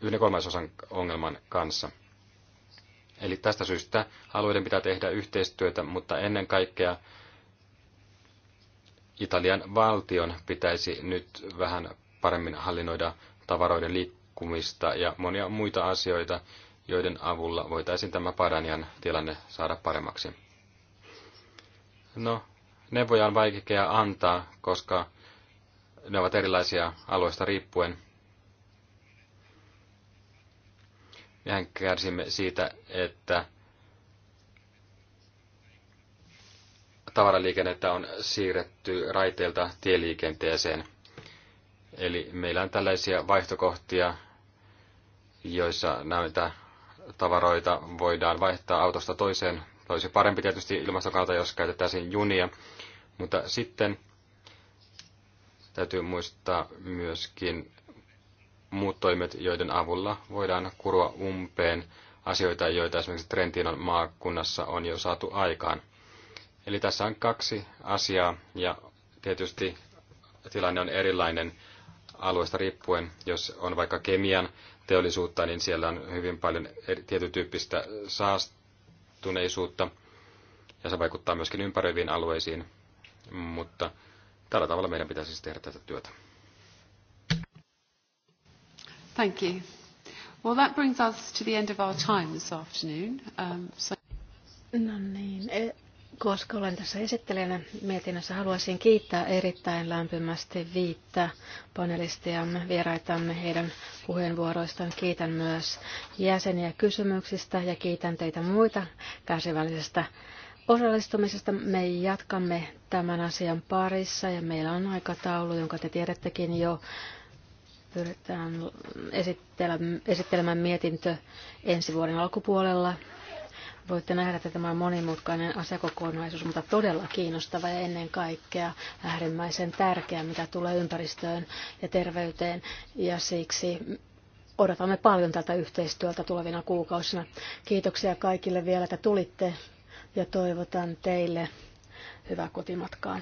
yhden kolmasosan ongelman kanssa. Eli tästä syystä alueiden pitää tehdä yhteistyötä, mutta ennen kaikkea Italian valtion pitäisi nyt vähän paremmin hallinnoida tavaroiden liikkeelle liikkumista ja monia muita asioita, joiden avulla voitaisiin tämä Padanian tilanne saada paremmaksi. No, neuvoja on vaikea antaa, koska ne ovat erilaisia alueista riippuen. Mehän kärsimme siitä, että tavaraliikennettä on siirretty raiteilta tieliikenteeseen. Eli meillä on tällaisia vaihtokohtia, joissa näitä tavaroita voidaan vaihtaa autosta toiseen. Olisi parempi tietysti ilmaston jos käytettäisiin junia, mutta sitten täytyy muistaa myöskin muut toimet, joiden avulla voidaan kurua umpeen asioita, joita esimerkiksi Trentinon maakunnassa on jo saatu aikaan. Eli tässä on kaksi asiaa ja tietysti tilanne on erilainen alueesta riippuen. Jos on vaikka kemian teollisuutta, niin siellä on hyvin paljon tietyn tyyppistä saastuneisuutta, ja se vaikuttaa myöskin ympäröiviin alueisiin. Mutta tällä tavalla meidän pitäisi siis tehdä tätä työtä. Thank you. Well, that brings us to the end of our time this afternoon. Um, so... No niin, e- koska olen tässä esittelijänä mietinnössä, haluaisin kiittää erittäin lämpimästi viittä panelistiamme, vieraitamme heidän puheenvuoroistaan. Kiitän myös jäseniä kysymyksistä ja kiitän teitä muita kärsivällisestä osallistumisesta. Me jatkamme tämän asian parissa ja meillä on aikataulu, jonka te tiedättekin jo. Pyritään esittelemään mietintö ensi vuoden alkupuolella Voitte nähdä, että tämä on monimutkainen asiakokonaisuus, mutta todella kiinnostava ja ennen kaikkea äärimmäisen tärkeä, mitä tulee ympäristöön ja terveyteen. Ja siksi odotamme paljon tältä yhteistyöltä tulevina kuukausina. Kiitoksia kaikille vielä, että tulitte ja toivotan teille hyvää kotimatkaa.